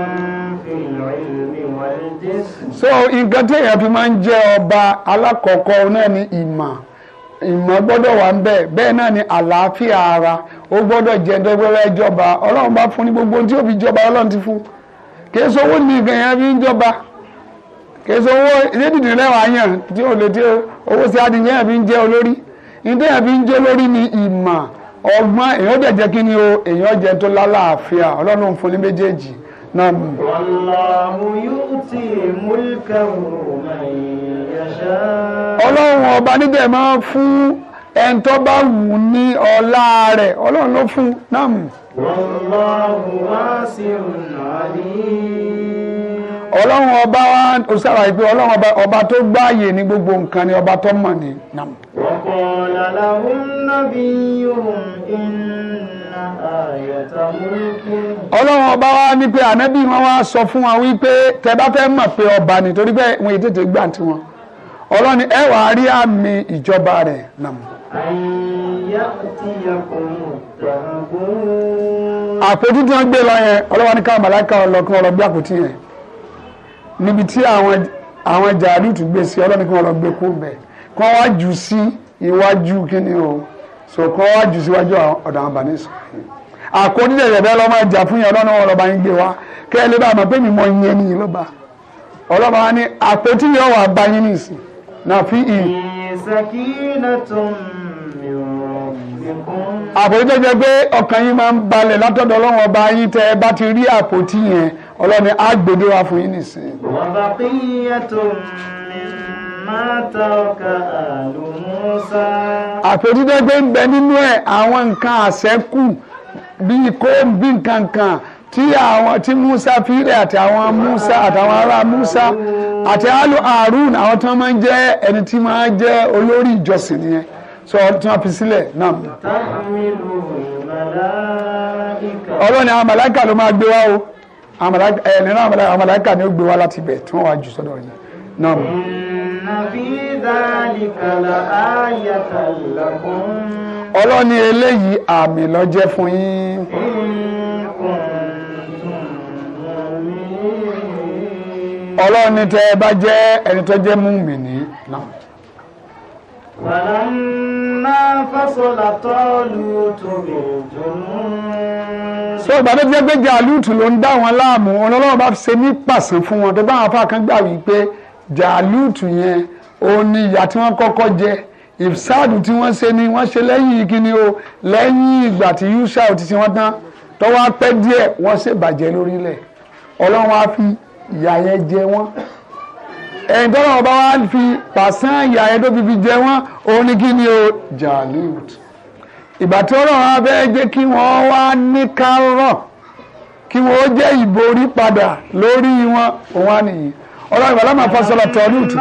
fìlà ìlú wà ní jésù.
so nǹkan tí èèyàn fi máa ń jẹ́ ọba alákọ̀ọ́kọ́ náà ní ìmọ̀ ìmọ̀ gbọ́dọ̀ wà ń bẹ̀ bẹ́ẹ̀ náà ni àlàáfíà ara ó gbọ́dọ̀ jẹ́ dọ́gbẹ́rẹ́ jọba ọlọ́run bá fún ní gbogbo tí ó fi jọba ọlọ́run ti fún kìí sọ owó nìkan yẹn fi ń jọba kìí owó ìdídìdì lẹ́wọ̀ ayàn tí ó lè tí owó sí adìyẹ yẹn fi ń jẹ́ olórí nítorí yẹn fi ń jẹ́ olórí ni ìmọ̀ ọgbọ́n èèyàn jẹ́ kí ni o èèyàn jẹ́ tó lálàáfíà ọlọ́run fún ní méjèèjì نعم
والله يؤتي ملكه من يشاء ọlọ́run
ọba níbẹ̀ máa ń fún ẹni tó bá wù ú ní ọlá rẹ̀ ọlọ́run ló fún náà mú.
wallahu wasi'un alim.
ọlọ́run ọba wa ó sára ìpè ọlọ́run ọba tó gbáàyè ní gbogbo nǹkan ni ọba tó mọ̀ ní.
wa qala lahum nabiyyuhum inna
ọlọ́run ọba wa ní pé ànábì wọn wá sọ fún wa wípé tẹ bá fẹ́ mọ̀ pé ọba ni torí pé wọn ì tètè gbà tiwọn ọlọ́run ẹ wà á rí àmì ìjọba rẹ̀ nàmú. àpótí tí wọ́n gbé lọ yẹn ọlọ́wọ́ ní káwọn màláìka ọlọ́kùn ọlọ́ gbé àpótí yẹn níbi tí àwọn jàdùtù gbé sí ọlọ́run kí wọ́n lọ gbé kó bẹ̀ kí wọ́n wá jù sí iwájú kí ni o so kọ́ wá jù síwájú ọ̀dọ̀ àwọn bàní sọ̀rọ̀ àkójúdẹ̀ rẹ̀ bẹ́ẹ̀ lọ́mọ ìjà fún yẹn ọlọ́run ọlọ́ba yín gbé wa kẹ́ ẹ lè bá àmọ́ pé mi mọ iye ní ìlọ́ba ọlọ́ba wa ní àpótí yóò wà bá yín nìsí náà fi ì. àpótí tó pé ọkàn yín máa ń balẹ̀ látọ̀dọ̀ ọlọ́run ọba yín tẹ́ ẹ bá ti rí àpótí yẹn ọlọ́run á gbèdé wa fún yín nìsí.
wàbàkìyàtò mi
àfojúdẹ́gbẹ́ ń bẹ nínú ẹ̀ àwọn nǹkan àṣẹ́kù bíi kóńbì kankan tí àwọn tí Musa fílẹ̀ àti àwọn Musa àtàwọn ará Musa àti alu Harun àwọn tí wọ́n máa ń jẹ́ ẹni tí máa ń jẹ́ olórí ìjọsìn nìyẹn sọ tí wọ́n fi sílẹ̀ náà.
ọlọ́ni àwọn màláìka
ló máa gbé wá o ẹ̀ nínú àwọn màláìka ni ó gbé wá láti bẹ̀ tí wọ́n wá jù sọ́dọ̀ yẹn náà ọlọ́ni eléyìí àmì ló jẹ́ fún yín. ọlọ́ni tẹ́ ẹ bá jẹ́ ẹni tó jẹ́ mùmínì náà.
Fàlámà fásolà tọ́lù tóbi jùlọ.
Sọ ìgbàdé jẹ́ ló ń dá wọn láàmú, ọlọ́run bá ṣe ní pàṣẹ fún wọn tó bá wọn fà kan gbà wípé jàlúùtù yẹn òun ni ìyà tí wọ́n kọ́kọ́ jẹ ìfsáàdù tí wọ́n ṣe ni wọ́n ṣe lẹ́yìn kíni o lẹ́yìn ìgbà tí yúṣà ò ti ṣe wọ́n tán tọ́wọ́ pẹ́ díẹ̀ wọ́n ṣe bàjẹ́ lórílẹ̀ ọlọ́run á fi ìyà yẹn jẹ wọ́n ẹ̀yìn tọ́lọ́ ọba wa fi pàṣán ìyà yẹn tó fi jẹ wọ́n òun ni kíni o jàlúùtù ìgbà tí ọlọ́run á fẹ́ jẹ́ kí wọ́n wá ní kárọ̀ kí wọ́n jẹ́ ìborí padà lórí wọn òun á nìyí ọlọ́run ìwà lámà fásọlá tọ́lùtù.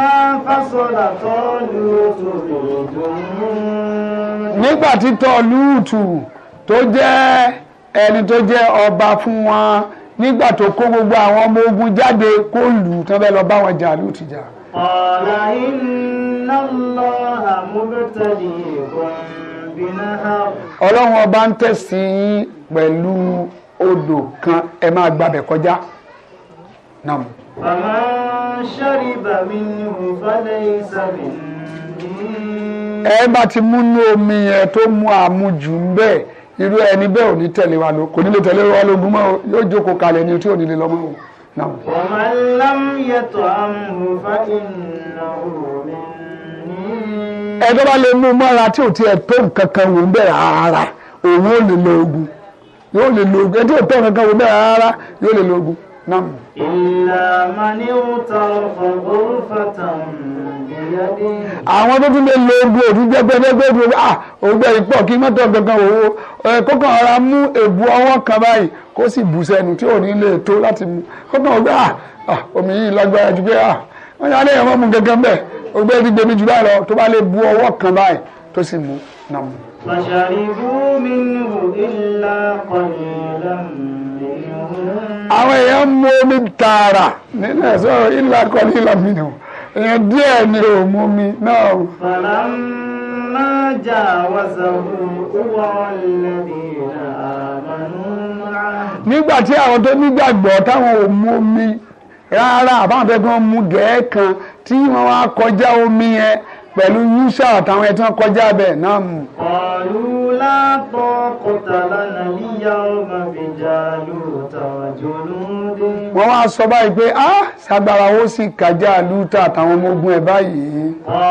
nígbà tí tọ́lùtù tó jẹ́ ẹni tó jẹ́ ọba fún wọn nígbà tó kó gbogbo àwọn ọmọ ogun jáde kó lù ú tán bẹ́ẹ̀ lọ bá wọn jà lùtù jà.
ọ̀la iná lọ àmúlòtẹ́lì ìbọn
ọlọ́run ọba ń tẹ̀sí pẹ̀lú odò kan ẹ máa gbabẹ̀ kọjá. Nam. No.
فمن شرب منه فليس مني
ẹ bá ti mú nú omi ẹ tó mú àmujù ń bẹ irú ẹni bẹ́ẹ̀ ò ní tẹ̀lé wa lọ kò ní lè tẹ̀lé wa lógún mọ́ yóò jókòó kalẹ̀ ni tí ò ní lè lọ́mọ́ o.
ومن لم يطعمه فإنه مني.
ẹ tó bá lè mú mọ́ra tí ò tiẹ̀ tó nǹkan kan wò ń bẹ̀ rárá òun ò lè lo ogun yóò lè lo ogun ẹ ò tó nǹkan kan wò ń bẹ̀ rárá yóò lè lo ogun. نعم
إلا من اغترف غرفة
àwọn tó tún lè lo egbò òdúgbẹ́gbẹ́gbẹ́ egbò ah ògbẹ́ ìpọ̀ kí mọ́tò gangan òwò kókàn ọ̀rá mú èbú ọwọ́ kan báyìí kó sì bù sẹ́nu tí ò ní lè tó láti mú kókàn ọ̀gbẹ́ ah, ah omi yìí lágbára ju pé ah wọ́n yára ẹ̀rọ mú gangan bẹ́ẹ̀ ògbẹ́ ti gbẹmí jù báyìí lọ tó bá lè bu ọwọ́ kan báyìí tó sì mú nà mú.
fàṣàrí bú mi ní. àwọn èèyàn mú omi tààrà nínú ẹ̀sọ́ ìlà kọ́lí ìlà mi nù èèyàn díẹ̀ ni ò mú mi náà. Fàlámà jà wàsàwù wọ́n lẹ́bi àmàlú rà.
Nígbà tí àwọn tó nígbàgbọ́ táwọn ò mú omi rárá àbáwọn fẹ́ kí wọ́n mú dẹ́ẹ̀ kan tí wọ́n wá kọjá omi yẹn pẹ̀lú yúṣà àtàwọn ẹ̀tàn kọjá bẹ̀ náà mú.
ọ̀lùlá tọ́ kọtàlá nàníyà ọmọ ìjà lóòótọ́ jòlóńdé. wọ́n
wá sọ báyìí pé á sagbara ó sì kájà lúta àtàwọn ọmọ ogun ẹ̀ báyìí.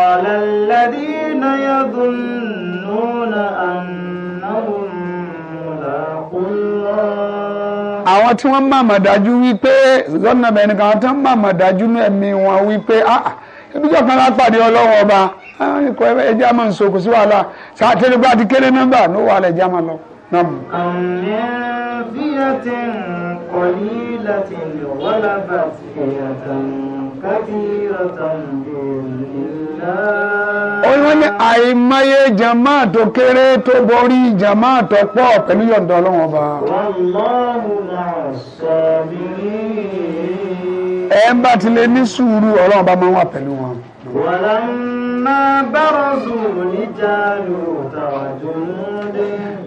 ọ̀lẹ́lẹ́dí náà dùn núnà ànáhùn
àwọn tí wọ́n mọ̀mọ̀ dájú wípé lọ́nà mẹ́rin kan tí wọ́n mọ̀mọ̀ dájú ẹ̀mí wọn wípé ah níjọ́ kan lápàdé ọlọ́wọ́ ọba ikọ̀ ẹja máa ń so sí wàhálà sàtẹ́lẹ̀ bá ti kéré nọ́mbà ló wà lẹ̀
já lọ. àmì fíyà ti ń kọ́ ní láti lọ wọ́lá bá ti fìyà tán kábíyà tán
oyin ní àìmọye jama tó kéré tó borí jama tó pọ̀ pẹ̀lú yọ̀ǹda ọlọ́wọ́n ọba.
wàlláhu máa sọ mí
ẹ̀ ń bá ti lè ní sùúrù ọlọ́run bá máa wà pẹ̀lú wọn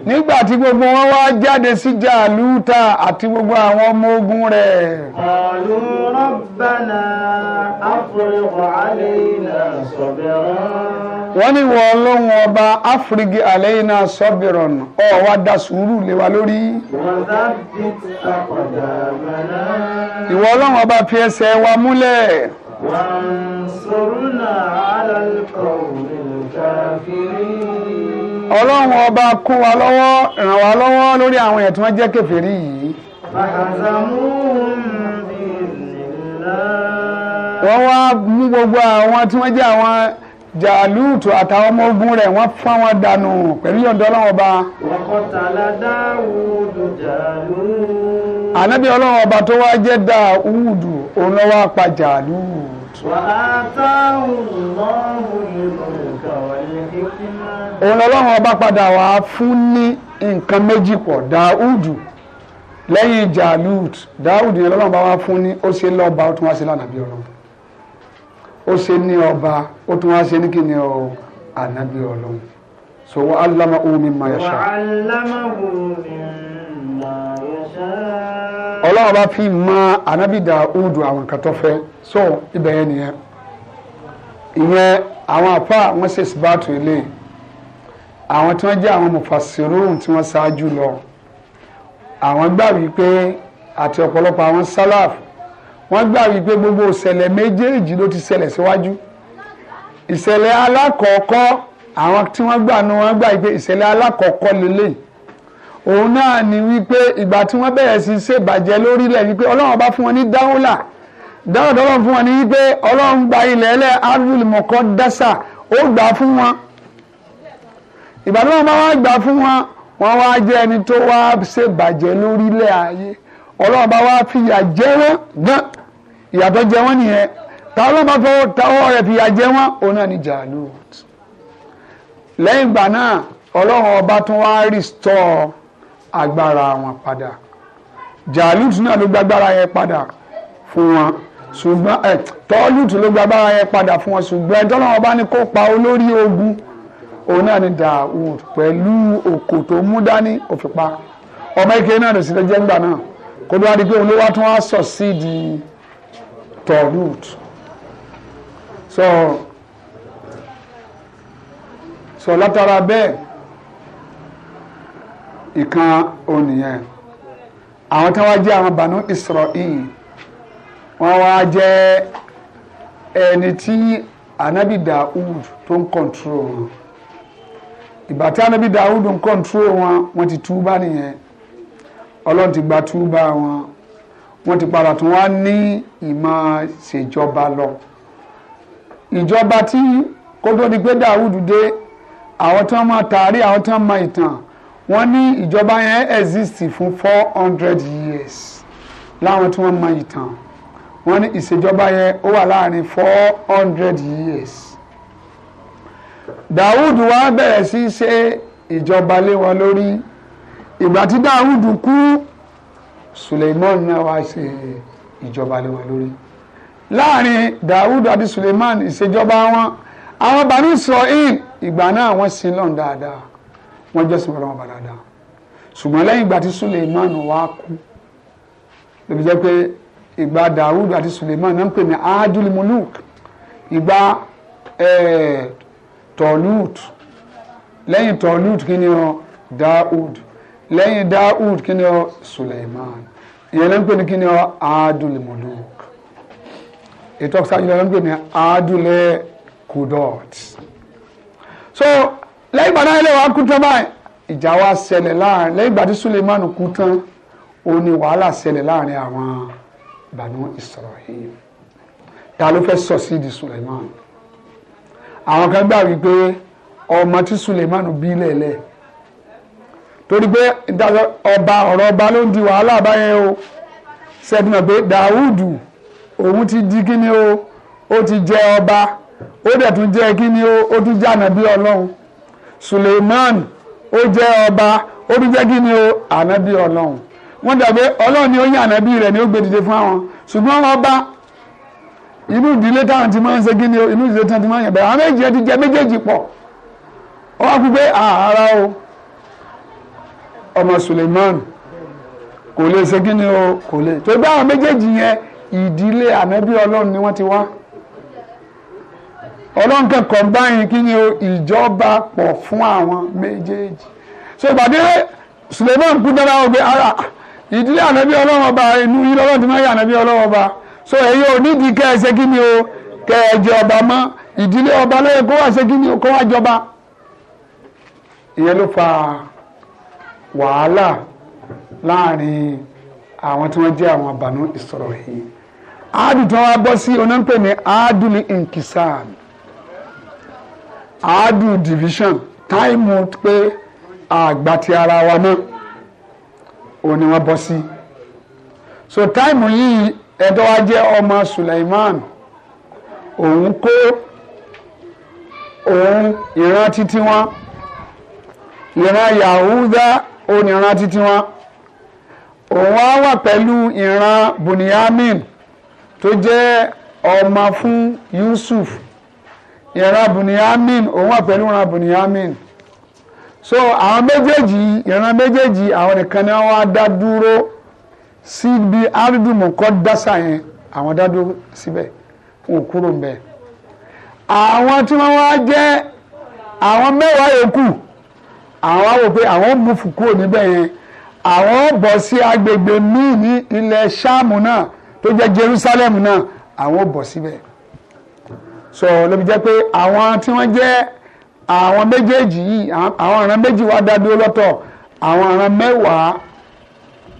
nígbà tí gbogbo wọn wá jáde sí jàlúùtà àti gbogbo àwọn ọmọ ogun rẹ̀.
qalu rabbana afrigh alayna sabran
wọ́n ní wọ ọlọ́run ọba áfíríkì àlẹ́yìnà sọ́bìrọ̀n ọ̀ wá da sùúrù lé wa lórí. ìwọ ọlọ́run ọba fi ẹsẹ̀ wa múlẹ̀ ọlọ́run ọba kún wa lọ́wọ́ ràn wá lọ́wọ́ lórí àwọn ẹ̀tún wọn jẹ́ kèfèrí yìí. wọ́n wá mú gbogbo àwọn tí wọ́n jẹ́ àwọn jàlúùtù àtàwọn ọmọ ogun rẹ̀ wọ́n fọ́n wọn dànù pẹ̀lú yọ̀ǹda ọlọ́run ọba.
wọ́n kọ́ tàlá dáwùdù jàlúùtù.
ànábì ọlọ́run ọba tó wá jẹ́ Dáúdù òun pa òun ọlọ́run ọba padà wá fún ní nǹkan méjì pọ̀ Dáúdù lẹ́yìn Jàlúùt Dáúdù yẹn ọba wá fún ní ó ṣe lọ́ba ó tún wá ṣe lánàbí ọlọ́run ó ṣe ní ọba ó tún wá ṣe ní ọ ọlọ́run bá fi mọ anabi Dáúdù àwọn nǹkan fẹ́ so ibẹ̀ yẹn nìyẹn ìyẹn àwọn àpá wọn ṣe síbáàtù ilé àwọn tí wọ́n jẹ́ àwọn mufasirun tí wọ́n ṣáájú lọ àwọn gbà wípé àti ọ̀pọ̀lọpọ̀ àwọn sálàf wọ́n gbà wípé gbogbo ìṣẹ̀lẹ̀ méjèèjì ló ti ṣẹlẹ̀ síwájú ìṣẹ̀lẹ̀ alákọ̀ọ́kọ́ àwọn tí wọ́n gbà ní wọ́n gbà wípé ìṣẹ̀lẹ̀ alákọ̀ọ́kọ́ lélẹ́yìí òun náà ni wípé ìgbà tí wọ́n bẹ̀rẹ̀ sí ṣèbàjẹ́ lórílẹ̀ wípé ọlọ́run bá fún wọn ní dáwọ́là dáwọ́ tọ́lọ́ fún wọn ní wípé ọlọ́run gba ilẹ̀ ẹlẹ́ abdul mọ̀kọ́ dásà ó gbà fún wọn ìgbà tí wọ́n bá wá gbà fún wọn wọ́n wá jẹ́ ẹni tó wá ṣèbàjẹ́ lórílẹ̀ ayé ọlọ́run bá wá fìyà jẹ wọ́n gan ìyàtọ̀ jẹ wọ́n nìyẹn táwọn bá fọwọ́ táwọ́ rẹ̀ fìyà jẹ wọ́n òun náà ni jàlúù lẹ́yìn ìgbà náà ọlọ́run ọba tún wá rìstọ́ọ̀ agbára wọn padà jàlúùtù náà ló gbàgbára yẹn padà fún wọn ṣùgbọ́n ẹ eh, tọ́lùtù ló gbàgbára yẹn padà fún wọn ṣùgbọ́n tọ́lọ́wọ́n bá ní kó pa olórí ogun òun náà ni Dàúd pẹ̀lú òkò tó mú dání òfìpa ọmọ ike náà lè sílẹ̀ jẹ́ngbà náà kó ló wá di pé òun ló wá tún wá sọ sí di tọ́lùt so so látara bẹ́ẹ̀ ìkan ònìyẹn àwọn tí wọ́n jẹ́ àwọn bànú Israel wọ́n wá jẹ́ ẹni tí anabi Dawud tó ń kọ̀ntró wọn ìgbà tí anabi Dawud ń kọ̀ntró wọn wọ́n ti túbá nìyẹn ọlọ́run ti gba túbá wọn wọ́n ti padà tún wá ní ìmọ̀ ṣèjọba lọ ìjọba tí kótó di pé Dawud dé àwọn tí wọ́n máa tààrí àwọn tí wọ́n máa ìtàn wọ́n ní ìjọba yẹn exist fún four hundred years láwọn tí wọ́n mọ ìtàn wọ́n ní ìṣèjọba yẹn ó wà láàrin four hundred years Dawud wá bẹ̀rẹ̀ sí ṣe ìjọba lé wọn lórí ìgbà tí Dawud kú Suleiman náà wá ṣe ìjọba lé wọn lórí láàrin Dawud àti Suleiman ìṣèjọba wọn àwọn Banu Israel ìgbà náà wọ́n sin lọ́n dáadáa wọ́n jọ́sìn fọlọ́wọ́n bá dáadáa ṣùgbọ́n lẹ́yìn ìgbà tí Suleiman wá kú lóbi jẹ́ pé ìgbà Dawud àti Suleiman náà ń pè ní adul muluk ìgbà Tolut lẹ́yìn Tolut kí ni ọ Dawud lẹ́yìn Dawud kí ni ọ Suleiman ìyẹn náà ń pè kí ni ọ adul muluk ètò ọ̀sán yìí náà so lẹ́yìn ìgbà náà ilé wa kú tán báyìí ìjà wa ṣẹlẹ̀ láàrin lẹ́yìn ìgbà tí Suleiman kú tán ó ní wàhálà ṣẹlẹ̀ láàrin àwọn Banu Israel ta ló fẹ́ sọ̀sídìí Suleiman àwọn kan gbà wípé ọmọ tí Suleiman bí lẹ̀lẹ̀ torí pé ọba ọ̀rọ̀ ọba ló ń di wàhálà báyẹn o sẹ́dínà pé Dàwùdù òun ti di kíni o ó ti jẹ ọba ó dẹ̀ tún jẹ kíni o ó tún jẹ ànábì Ọlọ́run Suleiman ó jẹ́ ọba ó tún jẹ́ kí ni o ànábì ọlọ́run wọ́n dàbí ọlọ́run ni ó yàn ànábì rẹ̀ ni ó gbé dìde fún àwọn ṣùgbọ́n ọba inú ìdílé táwọn ti máa ń ṣe kí ni o inú ìdílé táwọn ti máa ń yàn bẹ́ẹ̀ àwọn méjì ti jẹ méjèèjì pọ̀ ó wá kú pé àárá o ọmọ Suleiman kò lè ṣe kí ni o kò lè tó bá àwọn méjèèjì yẹn ìdílé ànábì ọlọ́run ni wọ́n ti wá ọlọ́run kẹ́kọ̀ọ́ báyìí kí ni ìjọba pọ̀ fún àwọn méjèèjì so ìpàdé Suleiman kú dára ọgbẹ́ ara ìdílé ànábí ọlọ́run ọba inú yìí lọ́wọ́ tí wọ́n yà ànábí ọlọ́run ọba so èyí ò nídìí kẹ́ ẹ ṣe kí ni o kẹ́ ẹ jẹ ọba mọ́ ìdílé ọba lẹ́yìn kó wá ṣe kí ni o kó wá jọba ìyẹn ló fa wàhálà láàrin àwọn tí wọ́n jẹ́ àwọn àbànú ìsọ̀rọ̀ yìí áàdù tí wọ́n wá bọ́ sí onípè ní áàdùlì nkìsáàmù Adu division táìmù pé àgbà ti ara wa mọ́ òun ni wọ́n bọ́ sí so táìmù yìí ẹ̀dọ́ wa jẹ́ ọmọ Suleiman òun kó òun ìran títí wọn ìran Yahuda òun ìran títí wọn òun wá wà pẹ̀lú ìran Bunyamin tó jẹ́ ọmọ fún Yusuf ìran bùnìyàmín òun wà pẹ̀lú ìran bùnìyàmín so àwọn méjèèjì ìran méjèèjì àwọn nìkan ni wọ́n á dá dúró sí bí árídùmọ̀kọ́ dásà yẹn àwọn dá dúró síbẹ̀ wọn ò kúrò mbẹ̀ àwọn tí wọ́n wá jẹ́ àwọn mẹ́wàá yòókù àwọn á wò pé àwọn mú fùkúrò níbẹ̀ yẹn àwọn bọ̀ sí agbègbè míì ní ilẹ̀ sáàmù náà tó jẹ́ Jerusalem náà àwọn bọ̀ síbẹ̀ so lóbi jẹ́ pé àwọn tí wọ́n jẹ́ àwọn méjèèjì yìí àwọn ọ̀ràn méjì wá dá dúró lọ́tọ̀ àwọn ọ̀ràn mẹ́wàá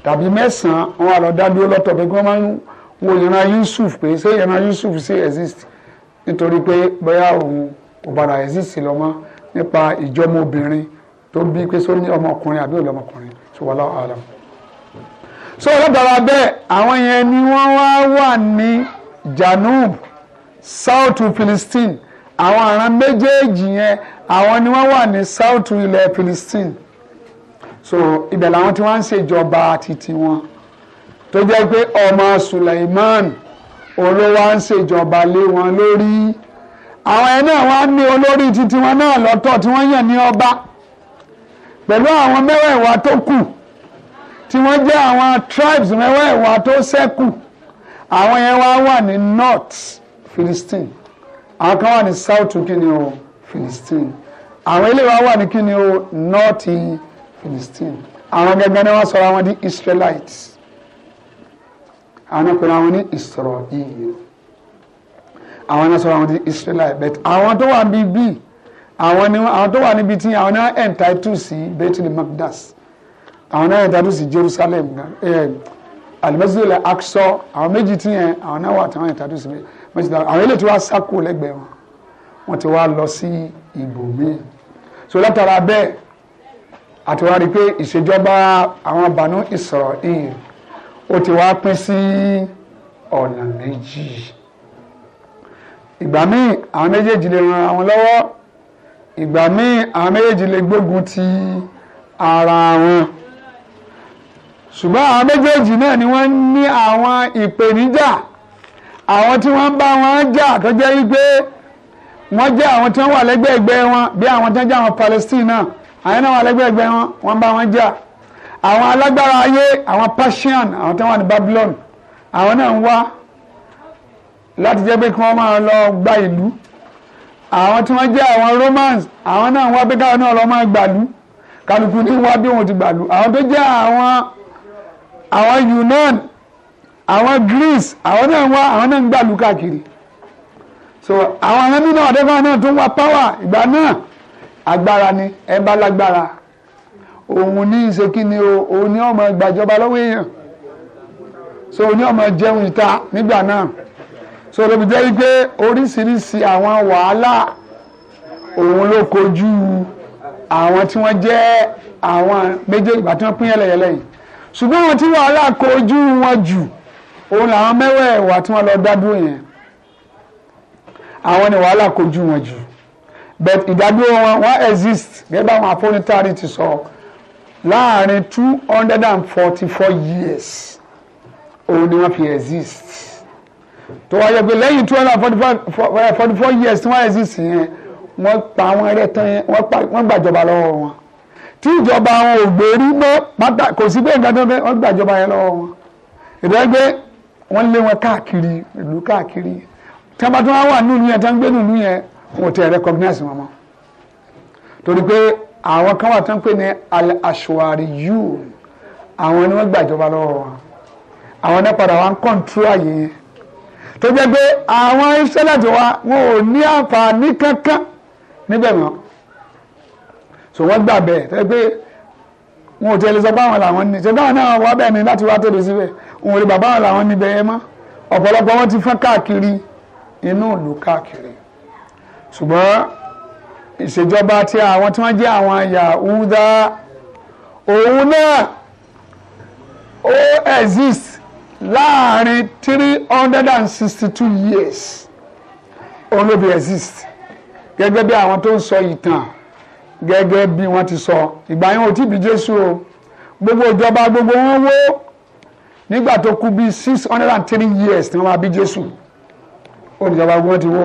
tàbí mẹ́sàn-án wọn wà dá dúró lọ́tọ̀ pé kí wọ́n máa ń wo ìran Yusuf pé ṣé ìran Yusuf ṣe exist nítorí pé bóyá òun kò padà exist lọ́mọ nípa ìjọmọ obìnrin tó bí pé só ní ọmọkùnrin àbí ọlọmọkùnrin tó àlọ. so lọ́dọ̀ wa bẹ́ẹ̀ àwọn yẹn ni wọ́n wá wà ní Janub south Philistine àwọn àrán méjèèjì yẹn àwọn ni wọ́n wà ní south ilẹ̀ Philistine so ibẹ̀ làwọn tí wọ́n ń ṣèjọba títí wọn tó jẹ́ pé ọmọ Suleiman olówó ń ṣèjọba lé wọn lórí àwọn ẹ̀ náà wọ́n á ní olórí títí wọn náà lọ́tọ̀ tí wọ́n yàn ní ọba pẹ̀lú àwọn mẹ́wẹ̀ẹ̀wá tó kù tí wọ́n jẹ́ àwọn tribes mẹ́wẹ̀ẹ̀wá tó ṣẹ́kù àwọn yẹn wá wà ní north Philistine àwọn kan wà ní south kíni o Philistine àwọn eléwà wà ní kíni o north Philistine àwọn gẹ́gẹ́ ni wọ́n sọ àwọn di Israelites àwọn pẹ̀lú àwọn ní ìsọ̀rọ̀ yìí àwọn náà sọ àwọn di Israelites but àwọn tó wà bíi bíi àwọn ni àwọn tó wà níbi tí àwọn náà entitled sí Bethel Magdas àwọn náà entitled sí Jerusalem eh, alimẹsílẹ aksọ àwọn méjì tí yẹn àwọn náà wà tí wọn entitled sí Bethel wọ́n ti dá àwọn eléyìí tí wọ́n á sáko lẹ́gbẹ̀ẹ́ wọn wọ́n ti wá lọ sí ibòmíì so látara bẹ́ẹ̀ àti wá rí i pé ìṣèjọba àwọn Banu Israel ó ti wá pín sí ọ̀nà méjì ìgbà míì àwọn méjèèjì lè ran àwọn lọ́wọ́ ìgbà míì àwọn méjèèjì lè gbógun ti ara wọn ṣùgbọ́n àwọn méjèèjì náà ni wọ́n ní àwọn ìpèníjà àwọn tí wọ́n ń bá wọn jà tó jẹ́ wípé wọ́n jẹ́ àwọn tí wọ́n wà lẹ́gbẹ̀ẹ́gbẹ́ wọn bí àwọn tí wọ́n jẹ́ àwọn Palestine náà àwọn náà wà lẹ́gbẹ̀ẹ́gbẹ́ wọn wọ́n bá wọn jà àwọn alágbára ayé àwọn Persian àwọn tí wọ́n wà ní Babylon àwọn náà ń wá láti jẹ́ pé kí wọ́n máa lọ gba ìlú àwọn tí wọ́n jẹ́ àwọn Romans àwọn náà ń wá pé káwọn náà lọ máa gbàlú kálukú ní wá bí wọn ti gbàlú àwọn tó jẹ́ àwọn àwọn Yunan àwọn Greece àwọn náà wá àwọn náà ń gbàlú káàkiri so àwọn ará nínú ọ̀dẹ́gbọ́n náà tó ń wá pàwà ìgbà náà agbára ni ẹ bá lágbára òun ní í ṣe kí ni o òun ní ọmọ gbàjọba lọ́wọ́ èèyàn so òun ní ọmọ jẹun ìta nígbà náà so lóbi jẹ́ wípé oríṣiríṣi àwọn wàhálà òun ló kojú àwọn tí wọ́n jẹ́ àwọn méjèèjì ìgbà tí wọ́n pín yẹlẹyẹlẹ yìí ṣùgbọ́n àwọn tí wàhálà kojú wọn jù òun làwọn mẹ́wẹ̀ẹ̀wà tí wọ́n lọ dádúró yẹn àwọn ni wàhálà kojú wọn jù but ìdádúró wọn wọ́n exist gẹ́gẹ́ bá àwọn afọ́nitárì ti sọ láàrin two hundred and forty four years òun ni wọ́n fi exist tó wáyé pé lẹ́yìn two hundred and forty four years tí wọ́n exist yẹn wọ́n pa àwọn ẹrẹ́ tán yẹn wọ́n gbàjọba lọ́wọ́ wọn tí ìjọba wọn ò gbèrí mọ́ pátá kò sí bẹ́ẹ̀ gbàjọba yẹn lọ́wọ́ wọn ìdọ́gbẹ́ wọ́n lé wọn káàkiri ìlú káàkiri tí wọ́n bá tún wá wà nínú yẹn tí nínú yẹn wọn ò tẹ̀ recognize wọn mọ́ torí pé àwọn kan wà tó ń pè ní aṣọwárí yúù àwọn ni wọ́n gbàjọba lọ́wọ́ wa àwọn náà padà wá ń kọ́ńtúrò àyè yẹn tó jẹ́ pé àwọn ìṣẹ́lẹ̀tì wa wọn ò ní àǹfààní kankan níbẹ̀ mọ́ so wọ́n gbà bẹ́ẹ̀ tó pé wọn ò tiẹ̀ lè sọ pé àwọn làwọn ní ṣe báwọn náà wá bẹ́ẹ̀ ni láti wá tòdò síbẹ̀ wọn ò lè bàbá àwọn làwọn níbẹ̀ yẹn mọ́ ọ̀pọ̀lọpọ̀ wọn ti fọ́n káàkiri inú ìlú káàkiri ṣùgbọ́n ìṣèjọba tí àwọn tí wọ́n jẹ́ àwọn Yahuda òun náà ó exist láàrin three hundred and sixty two years òun ló fi exist gẹ́gẹ́ bí àwọn tó ń sọ ìtàn gẹ́gẹ́ bí wọ́n ti sọ ìgbà yẹn ò tí bí Jésù o gbogbo ìjọba gbogbo wọn wó nígbà tó kú bíi six hundred and three years ni wọ́n máa bí Jésù olùjọba gbogbo wọn ti wó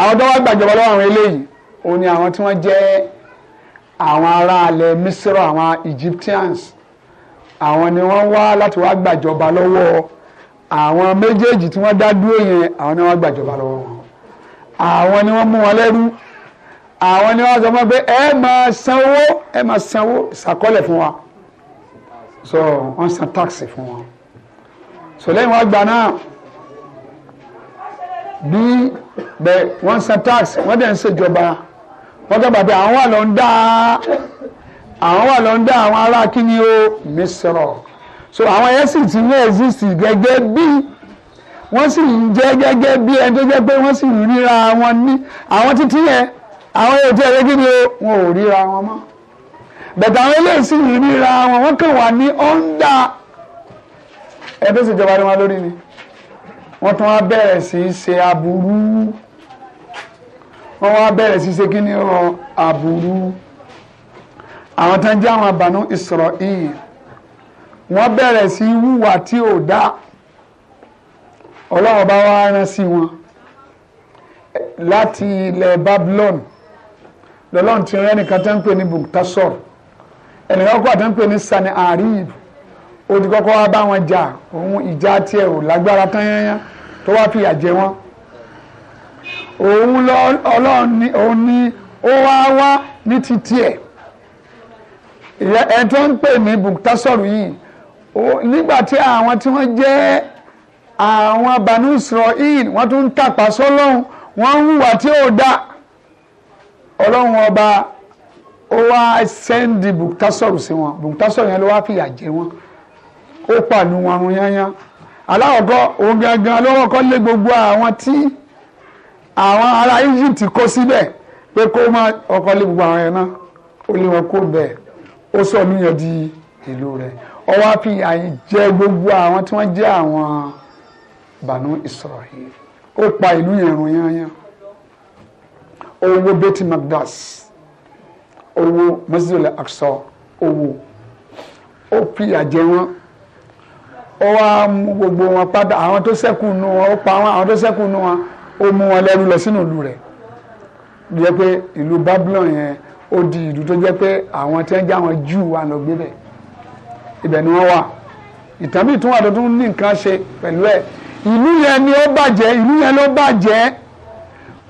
àwọn tó wá gbàjọba lọ́wọ́
àwọn eléyìí òun ni àwọn tí wọ́n jẹ́ àwọn ará alẹ̀ Mísírà àwọn Egyptians àwọn ni wọ́n wá láti wá gbàjọba lọ́wọ́ àwọn méjèèjì tí wọ́n dá dúró yẹn àwọn ni wọ́n gbàjọba lọ́wọ́ wọn àwọn ni wọ́n mú wọn lẹ́rú àwọn ni wọ́n sọ fún pé ẹ máa sanwó ẹ máa sanwó ṣàkọọ́lẹ̀ fún wa so wọ́n san táàsì fún wa so lẹ́yìn wọ́n gbà náà bí bẹ́ẹ̀ wọ́n san táàsì wọ́n dẹ̀ ń ṣèjọba wọ́n gbàgbà pé àwọn wà lọ ń dá àwọn wà lọ ń dá àwọn ará kíni o mísírọ̀ so àwọn ẹ̀yẹ́ sì ti ní exist gẹ́gẹ́ bí wọ́n sì ń jẹ́ gẹ́gẹ́ bí ẹni tó jẹ́ pé wọ́n sì ń ríra wọn ní àwọn títí yẹn àwọn ètò ẹ̀rẹ́ kí ni o wọn ò ríra wọn mọ́ bẹ̀tẹ̀ àwọn eléyìí sì ríra wọn wọ́n kàn wà ní ọ́ńdà ẹ̀ tó ṣèjọba ni wọn lórí ni wọ́n tún wá bẹ̀rẹ̀ sí í ṣe aburú wọ́n wá bẹ̀rẹ̀ sí í ṣe kí ni aburú àwọn tó jẹ́ àwọn àbànú Ísírẹ́lì wọ́n bẹ̀rẹ̀ sí í wúwà tí ò dá Ọlọ́run bá wá rán sí wọn láti ilẹ̀ Babylon lọ́lọ́run ti rẹ́ nìkan tẹ́ ń pè ní buktasor ẹnìkan kọ́ àtẹ́ ń pè ní sani arif ó ti kọ́kọ́ wá bá wọn jà òun ìjà tiẹ̀ ò lágbára tán yányá tó wá fìyà jẹ wọn òun ọlọ́run ni òun ni ó wá wá ní ti tiẹ̀ ẹni tó ń pè ní buktasor yìí nígbà tí àwọn tí wọ́n jẹ́ àwọn Banu Israel wọ́n tún ń tàpá sọ́lọ́run wọ́n ń hùwà tí ó dáa ọlọ́run ọba ó wá sẹ́ndì bùkútásọ̀rù sí wọn bùkútásọ̀rù yẹn ló wá fìyà jẹ wọn ó pàlù wọn run yányán aláwọ̀kọ́ òun gangan ló kọ́kọ́ lé gbogbo àwọn tí àwọn ará Egypt kó síbẹ̀ pé kó má ọkọ̀ lé gbogbo àwọn yẹn náà ó lé wọn kó bẹ́ẹ̀ ó sọ níyàn di ìlú rẹ̀ ó wá fìyà jẹ gbogbo àwọn tí wọ́n jẹ́ àwọn bànú Israel ó pa ìlú yẹn run yányán owó bẹ́tì magdas owó masjid al-aqsa owó ó pìyà jẹ wọn ó wá mú gbogbo wọn padà àwọn tó ṣẹ́kù nù wọn ó pa wọn àwọn tó ṣẹ́kù nù wọn ó mú wọn lẹ́rú lọ sínú ìlú rẹ̀ jẹ́ pé ìlú Babylon yẹn ó di ìlú tó jẹ́ pé àwọn tí wọ́n jẹ́ àwọn Júù wà lọ gbé bẹ̀ ibẹ̀ ni wọ́n wà ìtàn bíi tún wà tó ní nǹkan ṣe pẹ̀lú ẹ̀ ìlú yẹn ni ó bàjẹ́ ìlú yẹn ló bàjẹ́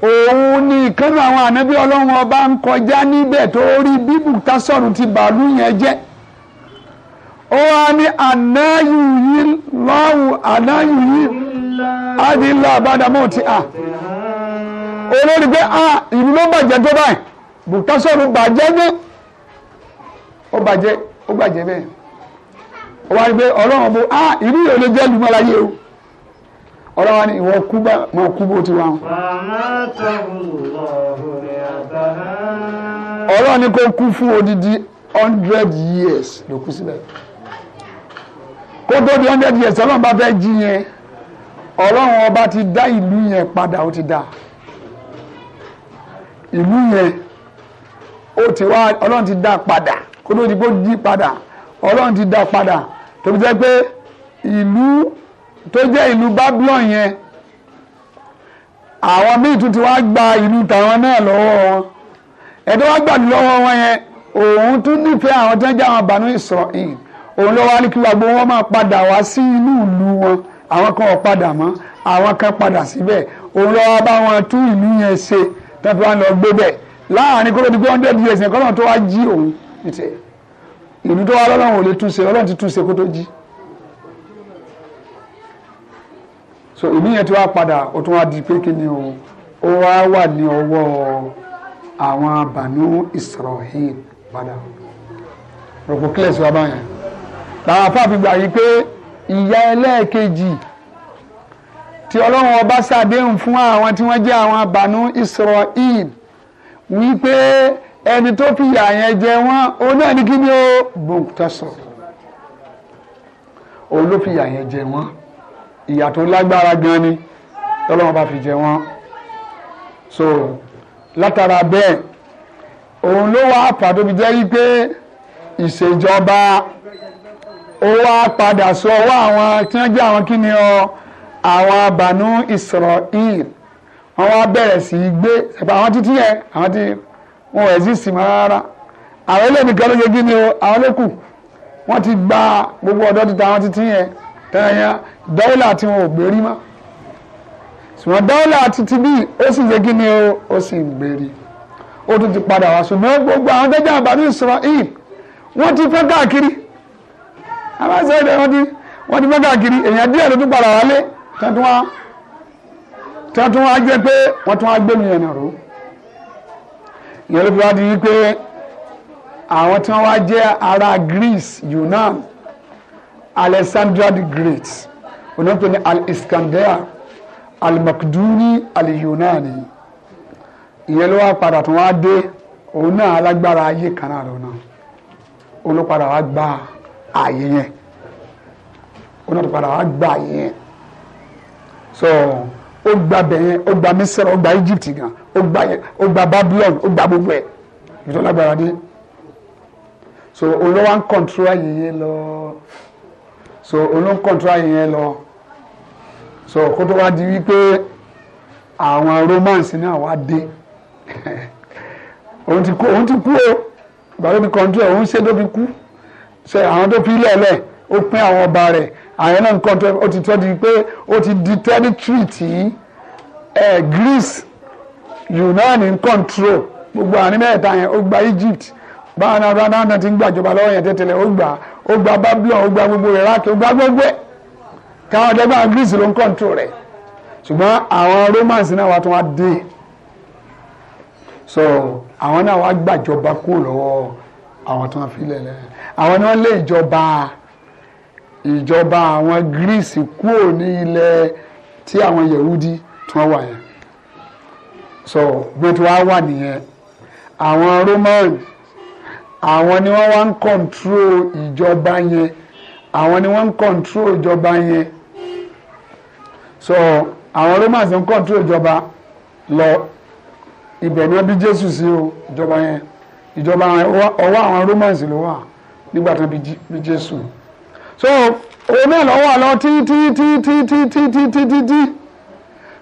òun ni ìkànnì àwọn ànábí ọlọ́run ọba ń kọjá níbẹ̀ tó rí bíbù tásọ̀rù ti bàálù yẹn jẹ́ ó wá ní ànáyù yìí lọ́wọ́ ànáyù yìí adìlá àbádàmọ́ ti à olórí pé à ìlú ló bàjẹ́ tó báyìí bùtásọ̀rù bàjẹ́ ní ó bàjẹ́ ó bàjẹ́ bẹ́ẹ̀ ó wá ní pé ọlọ́run bó à ìlú yìí ò lè jẹ́ lùmọ́láyé o ọlọ́wà ni ìwọ kú bá mọ kú bó ti wà. ọlọ́wà ni kò kú fún odidi hundred years ló kú síbẹ̀ kó tó di hundred years ọlọ́run bá fẹ́ jí yẹn ọlọ́run ọba ti dá ìlú yẹn padà ó ti dá ìlú yẹn ó ti wá ọlọ́run ti dá padà kó tó di kó jí padà ọlọ́run ti dá padà tó fi jẹ́ pé ìlú tó jẹ́ ìlú Babylon yẹn àwọn míì tún ti wá gba ìlú tàwọn náà lọ́wọ́ wọn ẹ̀dọ́ wá gbàdú lọ́wọ́ wọn yẹn òun tún nífẹ̀ẹ́ àwọn tó ń jẹ́ àwọn Banu Israel òun ló wá ní kí gbogbo wọn máa padà wá sí inú ìlú wọn àwọn kan padà mọ́ àwọn kan padà síbẹ̀ òun lọ́wọ́ bá wọn tún ìlú yẹn ṣe tó fi wá lọ gbé bẹ̀ láàrin kó ló di pé hundred years yẹn kọ́ lọ́n tó wá jí òun ìlú tó wá lọ́lọ́run ò lè túnṣe Ọlọ́run ti túnṣe kó tó jí. so ìmí yẹn ti wá padà ó tún wá di pé kí ni o ó wá wà ní ọwọ́ àwọn bànú Israel padà rògbò kílẹ̀ wa báyẹn làwọn afáàfin gbà yí pé ìyá ẹlẹ́ẹ̀kejì tí ọlọ́run ọba ṣàdéhùn fún àwọn tí wọ́n jẹ́ àwọn bànú Israel wípé ẹni tó fi ìyà yẹn jẹ wọ́n òun náà ní kí ni ó bòǹkútà sọ̀rọ̀ òun ló fi ìyà yẹn jẹ wọ́n ìyà tó lágbára gan ni tọ́lọ́wọ́n bá fi jẹ wọ́n so látara bẹ́ẹ̀ òun ló wá pàtó fi jẹ́ wípé ìṣèjọba ó wá padà sọ ọwọ́ àwọn tí wọ́n jẹ́ àwọn kí ọ àwọn abànú Israel wọ́n wá bẹ̀rẹ̀ sí í gbé ṣẹ̀pẹ̀ àwọn títí yẹn àwọn tí wọn ò exist mọ́ rárá àwọn eléyìí ló yẹ kí ni o àwọn lókù wọ́n ti gba gbogbo ọ̀dọ́ títa àwọn títí yẹn ẹ̀yàn dáìlà tí wọn ò gbérí mọ́ ṣùgbọ́n bí ó sì ṣe kí ni ó sì ń gbérí ó tún ti padà wá ṣùgbọ́n gbogbo àwọn wọ́n ti fẹ́ káàkiri àwọn àṣẹ ìdẹ ti wọ́n ti fẹ́ káàkiri èèyàn díẹ̀ ló tún padà wálé jẹ́ pé wọ́n tún wá gbé mi ìyẹn ló wọ́n wá jẹ́ alexander the great onípe ní al-iskandar al-makduni al-yunani ìyẹn ló wá padà tó wá dé òun náà alágbára ayé kan náà lọ́nà òun ló padà wá gba ààyè yẹn òun náà tó padà wá gba ààyè yẹn so ó gba bẹ̀yẹn ó gba Mísírà ó gba Egypt gan ó gba yẹn ó gba Babylon ó gba gbogbo ẹ̀ ìtọ́lágbára dé so òun ló wá ń kọ́ńtúrọ̀ ayé yẹn lọ so olóńkọ̀ntra yẹn lọ so kó tó wá di wípé àwọn romance náà wá dé òun ti kú òun ti kú o gbàdúrà kọ́ńtrọ̀ òun ṣe tó fi kú ṣe àwọn tó fi lẹ̀lẹ̀ ó pín àwọn ọba rẹ̀ àyẹn náà nǹkan tó ó ti tọ́ di ti di territory tí ẹ̀ eh, Greece Yunani ń gbogbo àárín yẹn ó gba Egypt báwọn náà bá náà ti ń gbàjọba lọ́wọ́ yẹn ó gba babylon ó gba gbogbo iraq ó gba gbogbo ẹ̀ káwọn ọ̀dẹ́gbà greece ló ń kọ́ńtò rẹ̀ ṣùgbọ́n àwọn romans náà wà tó wá dé so àwọn náà wá gbàjọba kúrò lọ́wọ́ àwọn tó wọn fi lẹ̀lẹ̀ àwọn náà lé ìjọba ìjọba àwọn greece kúrò ní ilẹ̀ tí àwọn yehudi tí wà yẹn so bí wọ́n ti wá wà nìyẹn àwọn roman àwọn ni wọ́n wá ń kọ̀ǹtró ìjọba yẹn àwọn ni wọ́n ń kọ̀ǹtró ìjọba yẹn so àwọn romans ń kọ̀ǹtró ìjọba lọ ibẹ̀ ni wọ́n bí jésù sí o ìjọba yẹn ìjọba ọwọ́ àwọn romans ló wà nígbà tí wọ́n bí jésù so òun náà lọ́wọ́ àlọ́ tí tí tí tí tí tí tí tí tí tí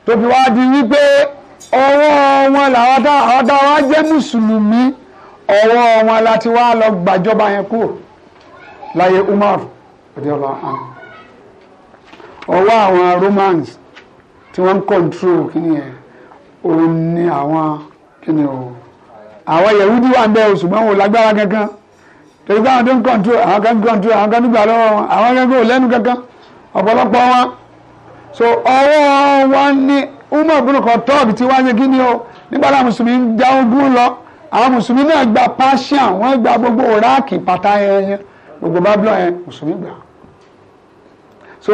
tó fi wá di wípé ọwọ́ wọn làwọn táwọn jẹ́ mùsùlùmí. ọwọ́ wọn láti wá lọ gbàjọba yẹn kúrò láyé Umar adéọlá àná ọwọ́ àwọn Romans tí wọ́n ń control kíni yẹn òun ni àwọn kíni àwọn wà ń kankan torí tó ń control àwọn kan ń control àwọn kan lọ́wọ́ wọn so ọwọ́ wọn ní Umar ibn Khattab tí wọ́n ṣe kíni o nígbà tá mùsùlùmí ń já àwọn mùsùlùmí náà gba Persia wọ́n gba gbogbo Iraq pátá yẹn gbogbo Babylon yẹn mùsùlùmí gbà so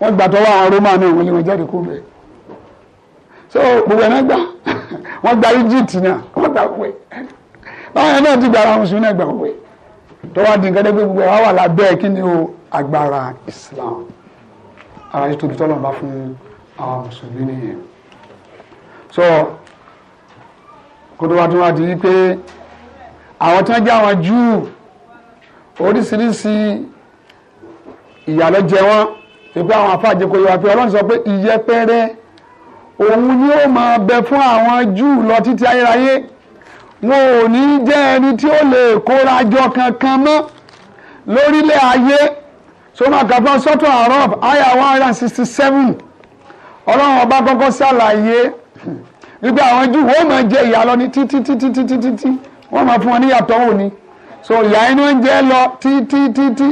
wọ́n gbà tọ́wọ́ àwọn Roman náà wọ́n lé wọn jáde kó bẹ̀ so gbogbo ẹ̀ náà gbà wọ́n gba Egypt náà wọ́n gbà wẹ̀ báwọn yẹn náà ti gbà àwọn mùsùlùmí náà gbà wẹ̀ tọ́wọ́ di nǹkan dẹ́gbẹ́ gbogbo ẹ̀ wá wà lábẹ́ kí ni o agbára Islam ara yìí tóbi tọ́lọ́ bá fún àwọn mùsùlùmí nìyẹn so kótó wa tó wá di wípé àwọn tí wọ́n jẹ́ àwọn júù oríṣiríṣi ìyàlọ́ jẹ wọ́n pípẹ́ àwọn afáàjẹ kò yọ àfi ọlọ́run sọ pé ìyẹpẹrẹ òun ni ó máa bẹ fún àwọn júù lọ títí ayérayé wọn ò ní jẹ́ ẹni tí ó lè kóra jọ kankan mọ́ lórílẹ̀ ayé sọ́màkàfọ́ sọ́tọ̀ àrọ́f àyà one hundred and sixty seven ọlọ́run ọba kọ́kọ́ ṣàlàyé wípé àwọn jù wọ́n máa jẹ ìyà lọ ní títí títí títí máa fún wọn ní ìyàtọ̀ wò ni so ìyà inú ń jẹ lọ títí títí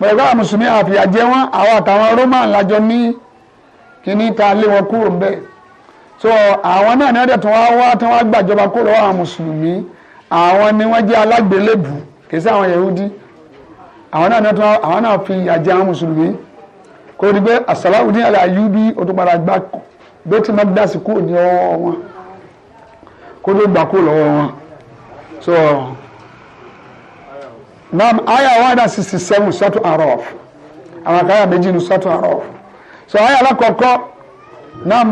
pẹ̀lú àwọn mùsùlùmí àfìyà jẹ wọn àwọn àtàwọn roman lájọ ní kíní ta lé wọn kúrò ń bẹ̀ so àwọn náà ní ọ̀dẹ̀ tí wọ́n wá tí wọ́n gbàjọba kúrò àwọn mùsùlùmí àwọn ni wọ́n jẹ́ alágbélébù kì í sí àwọn yahudi àwọn náà ní ọ̀dẹ̀ àwọn náà fi ìyà àwọn mùsùlùmí kó o di pé asalaudin alayubi o tó padà gbà bẹ́tí magdasi kúrò ní ọwọ́ wọn kó ló gbà kúrò lọ́wọ́ wọn so naam aya one hundred sixty seven sọ́tù arọ́f àwọn akáyà méjì ní sọ́tù arọ́f so aya alákọ̀ọ́kọ́ naam.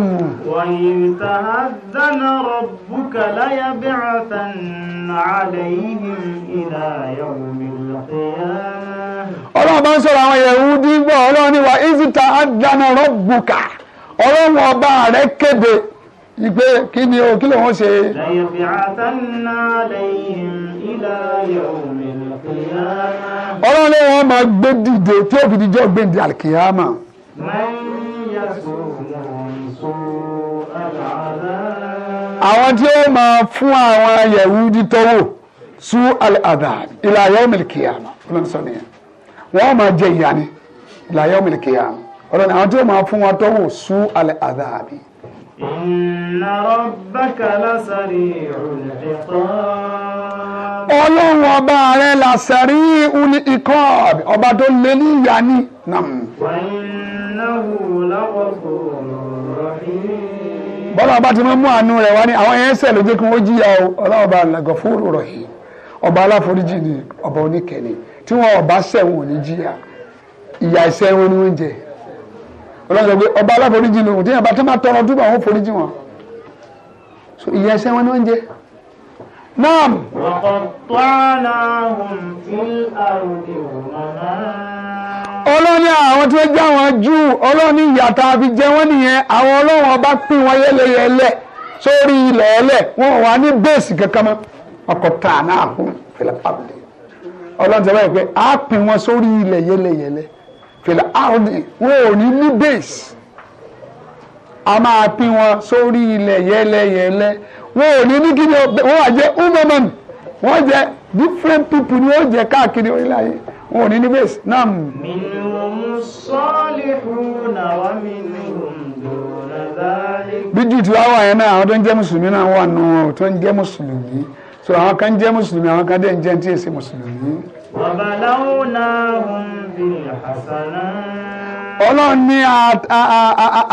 wàyí tahadana rabbuka láyà bìcàtàn àlẹ́yìn ìlà yawmi al-qiyamah.
ọlọ́run bá ń sọ̀rọ̀ àwọn yẹ̀wù dígbò ọlọ́run ni wà ìfìtà àdánà rabbuka ọlọ́run ọba rẹ̀ kéde ìgbé kí ni o kí ló wọ́n ṣe. ọlọ́run ni wọ́n máa gbé dìde tí ó fi dijọ́ gbèǹde àlìkìyàmà. àwọn tí ó máa fún àwọn Yẹhudi tọ́wọ́ sú al-adhab ila wọ́n máa jẹ ìyá ni ila yawm ọlọ́ni àwọn tí ó máa fún wa tọ́wọ́ sú alẹ́ àdáàbí. ọlọ́run ọba rẹ̀ lasari'ul iqab ọba tó lé ní ìyá ní bọ́lá ọba ti máa mú àánú rẹ̀ wá ní àwọn ló jẹ́ kí wọ́n o ọlọ́run ọba ọba aláforíjì ni ọba oníkẹ́ni tí wọn ọba ò ní ni wọ́n jẹ. ọlọ́run sọ pé ọba aláforíjì ni òun tí yẹn bá tẹ́ máa tọrọ dúpọ̀ àwọn foríjì wọn so ìyá ẹsẹ̀ wọn ni wọ́n jẹ náà. ọlọ́ni àwọn tí wọ́n já wọn jù ọlọ́ni ìyàtọ̀ àfi jẹ nìyẹn àwọn ọlọ́run ọba pín wọn yẹlẹyẹlẹ sórí ilẹ̀ ẹlẹ̀ wọn wà ní bẹ́ẹ̀sì kankan mọ́ ọkọ̀ tà náà fún fìlà pàbùdé ọlọ́run sọ pé a pín wọn sórí ilẹ̀ yẹlẹyẹlẹ fìlà áàdì wọn ò ní ní base a máa pín wọn sórí ilẹ̀ yẹ́lẹ́yẹ́lẹ́ wọn ò ní ní kíni wọn wà jẹ́ umaman wọn jẹ́ different people ni wọn jẹ́ káàkiri orílẹ̀ ayé wọn ò ní ní base náà.
minhum salihuna wa minhum duna
bí jù tí wàá náà àwọn tó ń jẹ́ mùsùlùmí náà wà nù wọn tó ń jẹ́ mùsùlùmí so àwọn kan jẹ́ mùsùlùmí àwọn kan dẹ̀ ń jẹ́ tí èsì mùsùlùmí
ọlọ́run
ní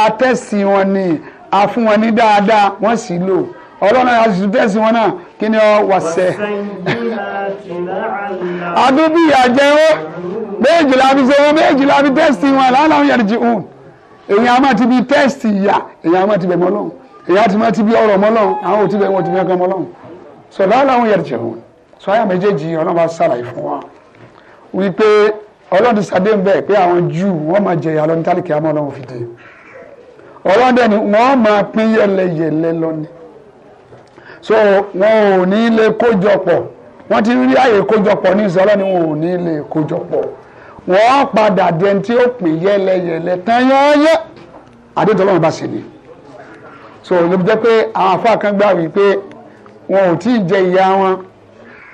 àtẹ̀sìn wọn ni a fún wọn ní dáadáa wọ́n sì lò ọlọ́run náà wọn náà kí ni ọ wà sẹ́. àdúbí àjẹ́ ó méjìlá fi ṣe wọn méjìlá fi tẹ̀sìn wọn lálàá yẹn jù ún èyàn á máa ti bi tẹ́sì ìyà èyàn á máa ti bẹ̀ mọ́ lọ́hùn èyàn á ti máa ti bi ọ̀rọ̀ mọ́ lọ́hùn àwọn ò ti bẹ̀ wọ́n ti bẹ̀ kan mọ́ lọ́hùn sọ̀dọ̀ àlàó yẹn jù ún sọ àyà méjèèjì ọlọ́run bá ṣàlàyé fún wa wípé ọlọ́run ti ṣàdé ń bẹ̀ pé àwọn júù wọ́n máa jẹ̀yà lọ ní tálíkì àmọ́ ọlọ́run fi dé ọlọ́run dẹ̀ ni wọ́n máa pín yẹlẹyẹlẹ lọ ni so wọn ò ní lè kójọpọ̀ wọ́n ti rí àyè kójọpọ̀ ní ìsọlọ́ ni wọn ò ní lè kójọpọ̀ wọ́n padà dẹni tí ó pín yẹlẹyẹlẹ tán yọ́ọ́yọ́ àdéhùn bá ṣe ni so ló jẹ́ pé àwọn afọ àkàngbà wípé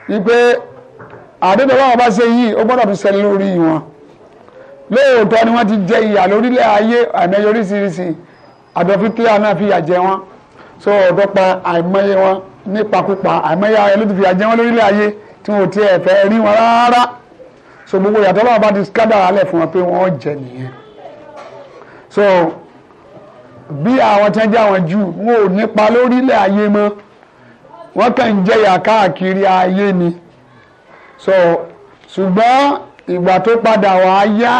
wípé àdéhùn ọlọ́run bá ṣe yìí ó gbọ́dọ̀ tún ṣẹlẹ̀ lórí wọn lóòótọ́ ni wọ́n ti jẹ ìyà lórílẹ̀ ayé àìmọye oríṣiríṣi àdọ̀fí kílíà náà fi ìyà jẹ wọn so ọ̀dọ́ pa àìmọye wọn nípakúpa àìmọye ara ló ti fi ìyà jẹ wọn lórílẹ̀ ayé tí wọn ò tiẹ̀ fẹ́ rí wọn rárá so gbogbo ìyàtọ̀ ọlọ́run bá ti kádàrá lẹ̀ fún wọn pé wọ́n jẹ nìyẹn so bí àwọn tí wọ́n jẹ́ àwọn Júù wọn ò nípa lórílẹ̀ ayé mọ́ wọ́n kàn ń jẹyà káàkiri ayé ni so ṣùgbọ́n ìgbà tó padà wá yá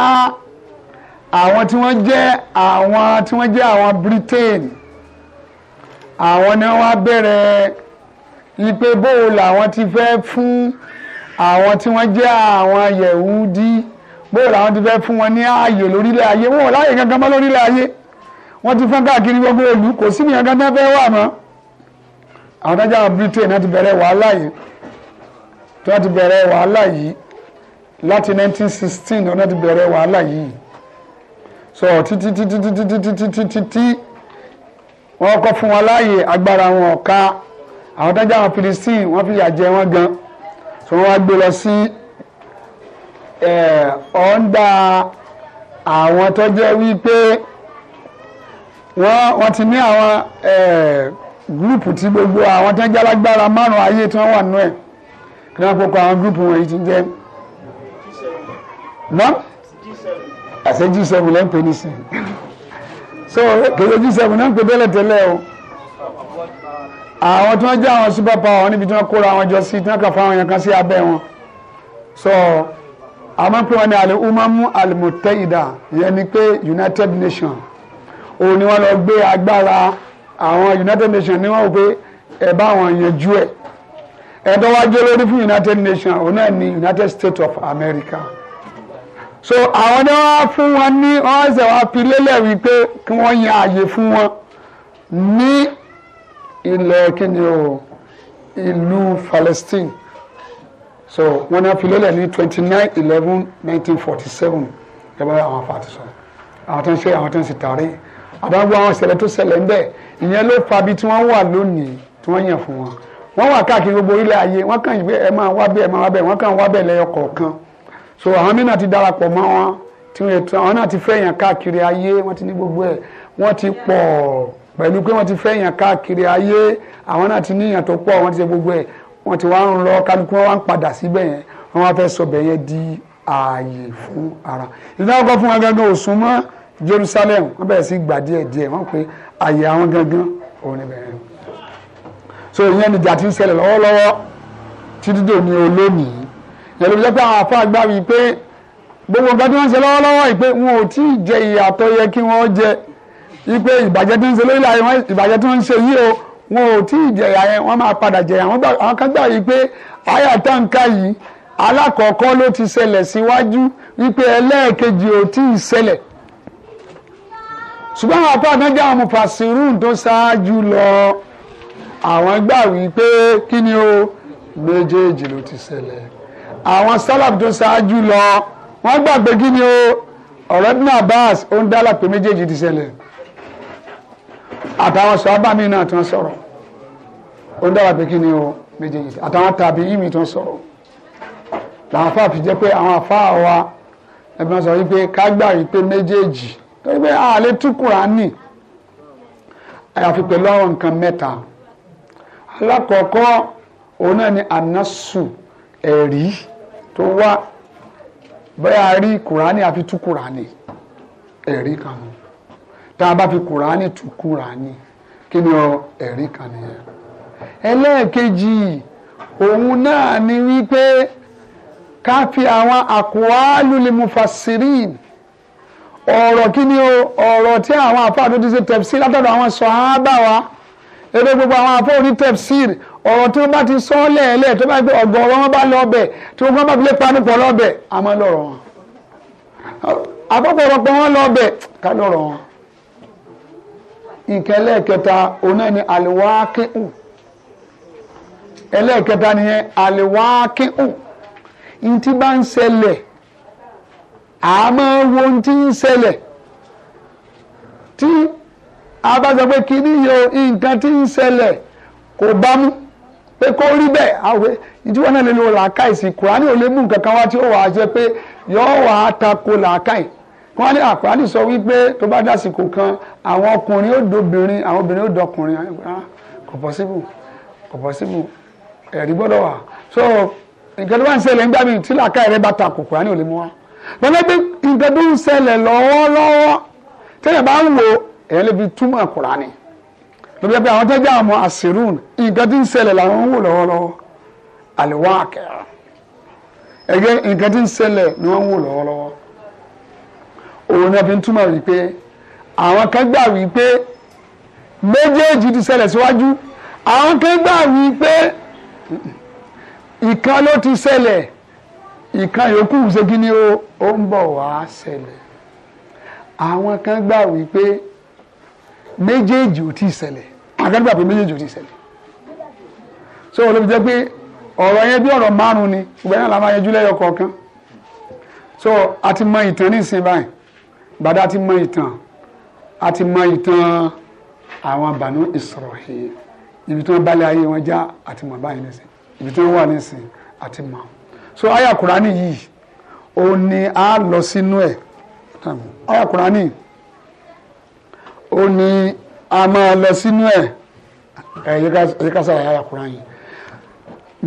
àwọn tí wọ́n jẹ́ àwọn tí wọ́n jẹ́ àwọn Britain àwọn ni wọ́n bẹ̀rẹ̀ ipe bóòlù làwọn ti fẹ́ fún àwọn tí wọ́n jẹ́ àwọn Yẹ̀húdí bóòlù àwọn ti fẹ́ fún wọn ní ààyè lórílẹ̀ ayé wọn ò láàyè gangan mọ́ lórílẹ̀ ayé wọ́n ti fọ́n káàkiri gbogbo ìlú kò sí nìyẹn gangan fẹ́ wà mọ́ àwọn tó jẹ́ Britain náà ti bẹ̀rẹ̀ wàhálà yìí tó ti bẹ̀rẹ̀ wàhálà yìí láti 1916 náà ti bẹ̀rẹ̀ wàhálà yìí so títí títí títí títí títí tí wọ́n kọ́ fún wọn láàyè agbára wọn ọ̀ka àwọn tó jẹ́ àwọn Philistine wọ́n fi yà jẹ gan so wọ́n wá gbé lọ sí ọ̀ǹda eh, àwọn tó jẹ́ wípé wọ́n ti ní àwọn. Eh, gúrùpù tí gbogbo àwọn tán jálágbára márùn ayé tí wọ́n wà nínú ẹ̀ kí wọ́n fọkọ àwọn gúrùpù wọ̀nyí ti jẹ́ nà àṣẹ G7 lẹ́ ń pè ní sìn so kèlè G7 náà ń pè tẹ́lẹ̀ tẹ́lẹ̀ o àwọn tí wọ́n jẹ́ àwọn super power níbi tí wọ́n kóra àwọn jọ sí tí wọ́n kà fáwọn yẹn kan sí abẹ́ wọn so àmọ́ pé wọ́n ní alẹ́ umamu alimutẹ́ida ìyẹn ni pé United Nations òun ni wọ́n lọ gbé agbára àwọn United Nations ni wọ́n wò pé ẹ bá àwọn yanjú ẹ̀ ẹ̀dọ́ wa jẹ́ lórí fún United Nations òun náà ni United States of America so àwọn ni wọ́n fún wọn ní wọ́n ṣe wá fi lélẹ̀ wípé kí wọ́n yan àyè fún wọn ní ilẹ̀ kíni o ìlú Palestine so wọ́n náà fi lélẹ̀ ní twenty nine eleven nineteen forty seven gẹ́gẹ́ bá àwọn afa ti sọ àwọn tó ń ṣe àwọn tó ń ṣe tààrí àbáwọ àwọn ìṣẹ̀lẹ̀ tó ṣẹlẹ̀ ń bẹ̀ ìyẹn ló fa bí tí wọ́n wà lónìí tí wọ́n yàn fún wọn wọ́n wà káàkiri gbogbo orílẹ̀ ayé wọ́n kàn yí ẹ máa wá bẹ́ẹ̀ máa wá bẹ́ẹ̀ wọ́n kàn wá bẹ́ẹ̀ lẹ́yọ kọ̀ọ̀kan so àwọn mìíràn ti darapọ̀ mọ́ wọn tí wọ́n ètò àwọn náà ti fẹ́ yàn káàkiri ayé wọ́n ti ní gbogbo ẹ̀ wọ́n ti pọ̀ pẹ̀lú pé wọ́n ti fẹ́ yàn káàkiri ayé àwọn náà ti níyàn tó pọ̀ wọ́n ti ṣe gbogbo ẹ̀ wọ́n ti wá ń lọ kálukú wọn wá ń padà síbẹ̀ yẹn wọ́n wá fẹ́ sọ bẹ̀ yẹn di ààyè fún ara ìdáwọ́kọ̀ fún wa gángan òsùn mọ́ Jerusalem wọ́n bẹ̀rẹ̀ sí gbà díẹ̀ díẹ̀ wọ́n pe àyè àwọn gangan òun ni bẹ̀rẹ̀ so ìyẹn ni ìjà ti ń ṣẹlẹ̀ lọ́wọ́lọ́wọ́ títí dòní olónìí ìyẹn ló fi jẹ́ pé àwọn afá gbà wí pé gbogbo nǹkan tí wọ́n ń ṣe lọ́wọ́lọ́wọ́ ìpè wọn ò tí ì jẹ ìyà tó yẹ kí wọ́n jẹ ìpè ìbàjẹ́ tí ń ṣe lórílẹ̀ ayé wọn ìbàjẹ́ tí wọ́n ń ṣe yìí o wọn ò tí ì jẹ ìyà yẹn wọ́n máa padà jẹ àwọn kan gbà yìí pé àyà yìí alákọ̀ọ́kọ́ ló ti ṣẹlẹ̀ síwájú wípé ẹlẹ́ẹ̀kejì ò tí ì ṣẹlẹ̀ ṣùgbọ́n àwọn apá àtàn jẹ́ àwọn mufasirun tó ṣáájú lọ àwọn gbà wípé kí ni o méjèèjì ló ti ṣẹlẹ̀ àwọn sálàbù tó ṣáájú lọ wọ́n gbà pé kí ni o ọ̀rọ̀ Ibn Abbas ó ń dálà pé méjèèjì ti ṣẹlẹ̀ àtàwọn sọ́ọ́bà mi náà tó ń sọ̀rọ̀ ó ń dálà pé kí ni o méjèèjì àtàwọn tàbí yìí mi tó ń sọ̀rọ̀ làwọn afáà fi jẹ́ pé àwọn afáà wa ẹ̀bùn sọ wípé ká gbà wípé méjèèjì torí pé a lè tú kùránì àyàfi pẹ̀lú àwọn nǹkan mẹ́ta alákọ̀ọ́kọ́ òun náà ni anasu ẹ̀rí tó wá bẹ́ẹ̀ a rí kùránì àfi tú kùránì ẹ̀rí kan nù tá a bá fi kùránì tú kùránì kí ni ọ ẹ̀rí kan nìyẹn ẹlẹ́ẹ̀kejì òun náà ni wípé ká fi àwọn àkùwálùlẹ̀ mufasirin ọ̀rọ̀ kí ni o ọ̀rọ̀ tí àwọn àfáà tó ti ṣe tẹ̀fsíìrì látọ̀dọ̀ àwọn sọ̀hábà wa ebe gbogbo àwọn àfáà oní tẹ̀fsíìrì ọ̀rọ̀ tí wọ́n bá ti sọ lẹ́ẹ̀lẹ́ tó bá gbé ọ̀gọ̀ọ̀rọ̀ wọn bá lọ ọbẹ̀ tí wọ́n bá fi lè panupọ̀ lọ́bẹ̀ àmọ́ lọ́rọ̀ wọn àkọ́kọ́ ọ̀rọ̀ pé lọ́bẹ̀ ká lọ́rọ̀ wọn. nǹkan ẹlẹ́ẹ̀kẹta òun náà ni àlewákíhù ẹlẹ́ẹ̀kẹta nìyẹn àlewákíhù ní ti bá ń ṣẹlẹ̀ a máa wo ohun tí ń ṣẹlẹ̀ tí a bá sọ pé kí ni yo nǹkan tí ń ṣẹlẹ̀ kò bá mú pé kó rí bẹ́ẹ̀ àwẹ̀ ìdíwọ́ náà lè lo làákàyè sí kùránì ò lè mú nǹkan kan wá tí ó wàá jẹ pé yọ̀ọ́ wàá tako làákàyè wọ́n àkùránì sọ wípé tó bá dásìkò kan àwọn ọkùnrin ó dobìnrin àwọn obìnrin ó dọkùnrin ah, kò pọ́síbù kò pọ́síbù ẹ̀rí gbọ́dọ̀ wà so nǹkan tó bá ń ṣẹlẹ̀ nígbà míì tí làákàyè rẹ bá tako kùránì ò lè mú wá lọ́jọ́ pé nǹkan tó ń ṣẹlẹ̀ lọ́wọ́lọ́wọ́ tẹ́yẹ̀ bá ń wo èèyàn lè fi túmọ̀ Kùránì lọ́jọ́ pé àwọn tẹ́jà àwọn àṣírùn nǹkan tí ń ṣẹlẹ̀ làwọn ń wò lọ́wọ́lọ́wọ́ àlèwọ́ àkẹ́rà ẹgbẹ́ nǹkan tí ń ṣẹlẹ̀ ni wọ́n ń wò lọ́wọ́lọ́wọ́ òun náà fi ń túmọ̀ wípé àwọn kan gbà wípé méjèèjì ti ṣẹlẹ̀ síwájú àwọn kan gbà wípé ìkan ló ti ṣẹlẹ̀ ìkan yòókù ṣe kí ni ó ó ń bọ̀ wá ṣẹlẹ̀ àwọn kan gbà wípé méjèèjì ò tí ṣẹlẹ̀ àwọn pé méjèèjì ò tí ṣẹlẹ̀ so olóbi jẹ́ pé ọ̀rọ̀ yẹn bí ọ̀rọ̀ márùn-ún ni ìgbà yẹn la máa yanjú lẹ́yọ kọ̀ọ̀kan so a ti mọ ìtàn nísìn báyìí gbàdá ti mọ ìtàn a ti mọ ìtàn àwọn Banu Isra'il ibi tí wọ́n bá lé ayé wọn já àti mọ̀ báyìí nísìn ibi tí wọ́n wà nísìn àti mọ̀ so aya kurani yìí ó ní a lọ sínú ẹ̀ aya kurani ó ní a máa lọ sínú ẹ̀ ẹ̀ yẹ ká aya kurani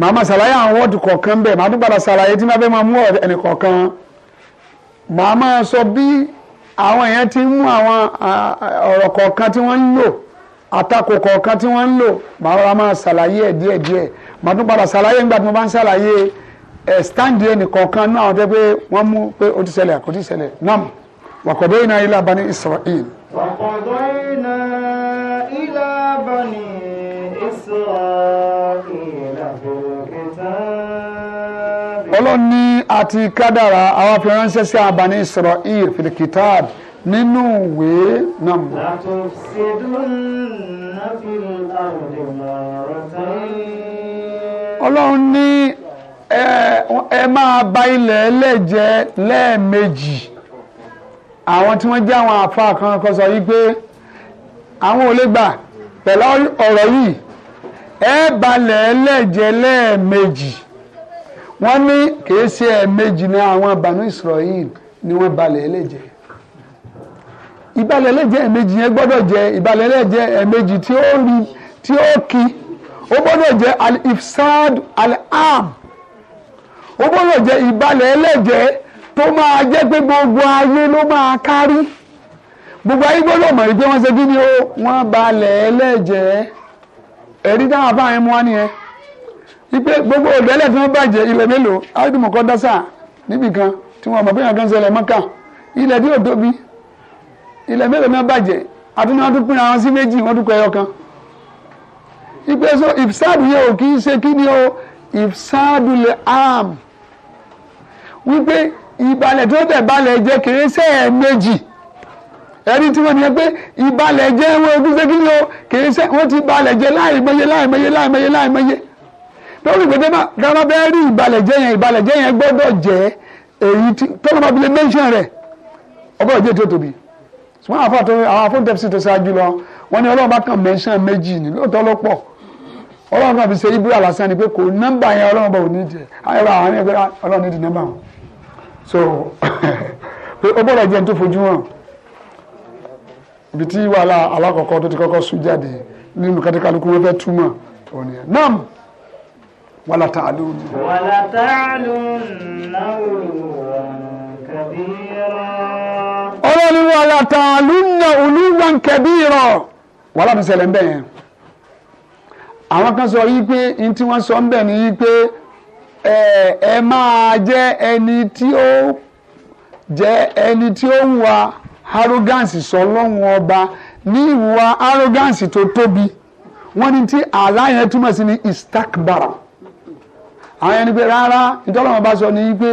màá máa sàlàyé àwọn wọ́ọ̀dù kọ̀ọ̀kan bẹ́ẹ̀ màá tún padà sàlàyé tí wọ́n fẹ́ máa mú ẹnì kọ̀ọ̀kan màá máa sọ bí àwọn èèyàn ti mú àwọn ọ̀rọ̀ kọ̀ọ̀kan tí wọ́n ń lò àtakò kọ̀ọ̀kan tí wọ́n ń lò màá máa sàlàyé ẹ̀ díẹ̀díẹ̀ màá tún padà sàlàyé nígbà tí mo bá ń sàlàyé ẹ̀ stand ẹnì kọ̀ọ̀kan náà ọ̀dẹ́ pé wọ́n mú pé ó ti ṣẹlẹ̀ àkó ti ṣẹlẹ̀ nam waqadayna ila bani Isra'il.
waqadayna ila bani Isra'il
ọlọ́run ní àti kádàrà àwọn afẹ́ránṣẹ́ sí abani Isra'il fil kitab nínú ìwé náà. ọlọ́run ní ẹ máa bà ilẹ̀ ẹlẹ́jẹ̀ lẹ́ẹ̀mejì àwọn tí wọ́n jẹ́ àwọn àfa kan kan sọ yìí pé àwọn ò lè gbà pẹ̀lú ọ̀rọ̀ yìí ẹ balẹ̀ ẹlẹ́jẹ̀ lẹ́ẹ̀mejì wọ́n ní kìí ṣe ẹ̀ẹ̀mejì ní àwọn Banu Israel ni wọ́n balẹ̀ ẹlẹ́jẹ̀ ìbalẹ̀ ẹlẹ́jẹ̀ ẹ̀ẹ̀mejì yẹn gbọ́dọ̀ jẹ́ ìbalẹ̀ ẹlẹ́jẹ̀ ẹ̀ẹ̀mejì tí ó rí tí ó kí ó gbọ́dọ̀ jẹ́ al-ifsad al-am. al ifsad al am ó gbọ́dọ̀ jẹ́ ìbalẹ̀ ẹlẹ́jẹ̀ tó máa jẹ́ pé gbogbo ayé ló máa kárí gbogbo ayé gbọ́dọ̀ mọ̀ wípé wọ́n ṣe kí ni ó wọ́n balẹ̀ ẹlẹ́jẹ̀ ẹ̀rí táwọn afáàyàn mú wá nìyẹn wípé gbogbo òdẹ́lẹ̀ tí wọ́n bàjẹ́ ilẹ̀ mélòó áìdùmọ̀kọ́ dásà níbìkan tí wọ́n mọ̀ pé yàn kan ṣẹlẹ̀ mọ́kà ilẹ̀ tí ò tóbi ilẹ̀ mélòó náà bàjẹ́ àtúntò wọn tún pín àwọn sí méjì wọn tún ẹyọ kan ìgbésọ ìfisàdù yẹn ò kì í ṣe kí ni o ìfisàdù lè am wípé ìbalẹ̀ tó tẹ̀ balẹ̀ jẹ́ kéré sẹ́ẹ̀ méjì ẹni tí wọ́n ní pé ìbalẹ̀ jẹ́ wọ́n ojú ṣé kí ni o kìí ṣe wọ́n ti balẹ̀ jẹ́ láìmọye láìmọye láìmọye láìmọye lórí ìgbésẹ̀ náà dáná bẹ́ẹ̀ rí ìbalẹ̀ jẹ́ yẹn ìbalẹ̀ jẹ́ yẹn gbọ́dọ̀ jẹ́ èyí tí tọ́lá bá bilẹ̀ mẹ́ṣẹ̀ rẹ̀ ọgbọ́dọ̀ jẹ́ tí ó tóbi ṣùgbọ́n àwọn afọ́tò àwọn afọ́ntẹ́fisì tó ṣáájú lọ wọ́n ní ọlọ́run bá kàn mẹ́ṣẹ̀ méjì ní lóòótọ́ ló pọ̀ ọlọ́run náà fi ṣe ibúra lásán ni pé kò nọ́mbà yẹn ọlọ́run bá ò ní jẹ ayọ̀rọ̀ àwọn ẹgbẹ́ ọlọ́run ní di nọ́mbà wọn. so pe ó gbọ́dọ̀ jẹun tó fojú hàn ibi tí wàhálà alákọ̀ọ́kọ́ tó ti kọ́kọ́ sùn jáde nínú kátàkálukú wọn fẹ́ túmọ̀ ẹ̀ tààlù. tààlù náà ni wàlá tààlù náà olúwa kẹbíyàrá wàhálà tó ṣẹlẹ̀ ń bẹ̀ yẹn àwọn kan sọ yí pé wọ́n sọ ń ẹ ẹ máa jẹ́ ẹni tí ó jẹ́ ẹni tí ó wa arrogance sọlọ́run ọba ní ìwà arrogance tó tóbi wọ́n ní tí àlàyé túmọ̀ sí ní istakbara àwọn ẹni pé rárá ìtọ́lọ́wọ́n bá sọ ní pé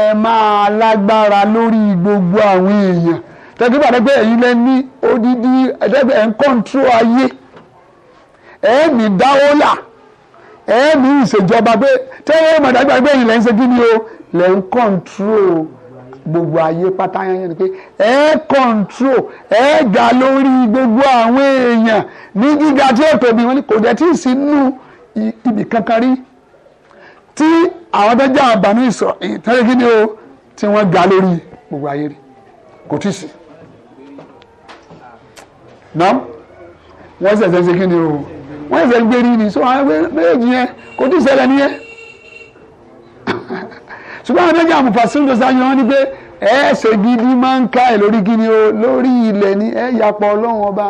ẹ máa lágbára lórí gbogbo àwọn èèyàn tẹ́gbẹ́ pàdégbé ẹ̀yin lẹ ní odidi ẹ̀dẹ́gbẹ́ ẹ̀ ń kọ́ńtró ayé ẹ̀ dáwọ́là ẹ̀ẹ́mì ìṣèjọba pé tẹ́lẹ̀ mọ̀dájú àgbẹ̀ yìí lẹ́ ń ṣe kí ni o lẹ́ ń kọ́ńtró gbogbo ayé pátá yẹn ni pé ẹ kọ́ńtró ẹ ga lórí gbogbo àwọn èèyàn ní gíga tí ó tóbi wọn ni kò dẹ̀ tí ì sí nú ibì kankan rí tí àwọn tó jẹ́ àbámi ìsọ tẹ́lẹ̀ kí ni o tí wọ́n ga lórí gbogbo ayé rí kò tí ì sí. Nam wọ́n ṣẹ̀ṣẹ̀ ṣe kí ni o wọ́n ẹ̀sẹ̀ gbé ni so àwọn méjèèjì yẹn kò tún ni? nìyẹn ṣùgbọ́n àwọn méjì àmùfà sílùú sáyẹn wọ́n ní pé ẹ ṣe gidi máa ń ká ẹ lórí gidi o lórí ilẹ̀ ni ẹ yàpọ̀ ọlọ́run ọba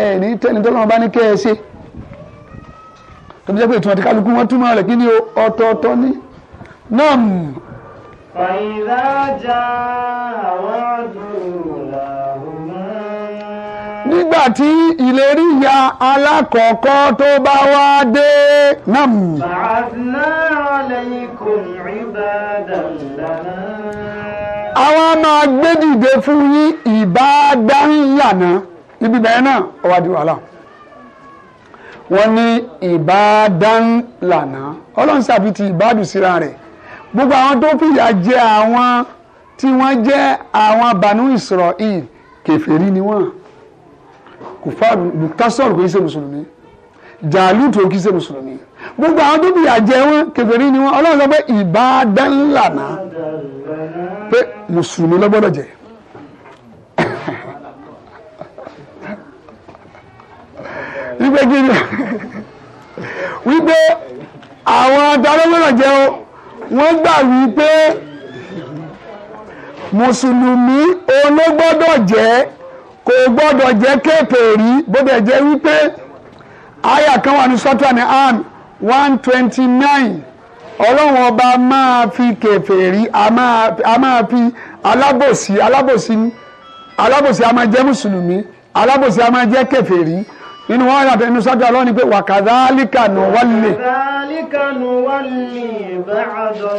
ẹ ní tẹ́ni tọ́lọ́run ọba ní kẹ́ ẹ ṣe tọ́bi jẹ́ pé ìtumọ̀ tí kálukú wọn túmọ̀ rẹ̀ kí ni ọ̀tọ̀ọ̀tọ̀ ni náà.
fàyìnlá já àwọn àdúrà
nígbà tí ìlérí ìyá alákọ̀ọ́kọ́ tó bá wá dé nam. ba'athna
ibadan lana.
àwa máa gbé dìde fún yín ìbádánlànà ibi bẹ́ẹ̀ náà ó wá di wàhálà wọ́n ní ìbádánlànà ọlọ́run sàbí ti ìbádùn síra rẹ̀ gbogbo àwọn tó fìyà jẹ àwọn tí wọ́n jẹ́ àwọn bànú Ísírẹ́lì kèfèrí ni wọ́n kùfà bùkásọ̀rù kò í ṣe mùsùlùmí jàlúùtù ò kì í ṣe mùsùlùmí gbogbo àwọn tó bìyà jẹ wọn kèfèrí ni wọn ọlọ́run sọ pé ìbádẹ́ńlànà pé mùsùlùmí ló gbọ́dọ̀ jẹ́ wípé kí ni wípé àwọn adarọ́gbọ́dọ̀ jẹ́ o wọ́n gbà wípé mùsùlùmí ológbọ́dọ̀ jẹ́ kò gbọ́dọ̀ jẹ́ kèfèrí bó dẹ̀ jẹ́ wípé àyà kan wà ní sọ́tà ní am one twenty nine ọlọ́run ọba máa fi kèfèrí a máa fi alábòsí alábòsí alábòsí a máa jẹ́ mùsùlùmí alábòsí a máa jẹ́ kèfèrí nínú wọn yàtọ̀ inú sábẹ́ ọlọ́run ni pé wà kàdálíkà nù wálé.
kàdálíkà nù wálé bàdọ̀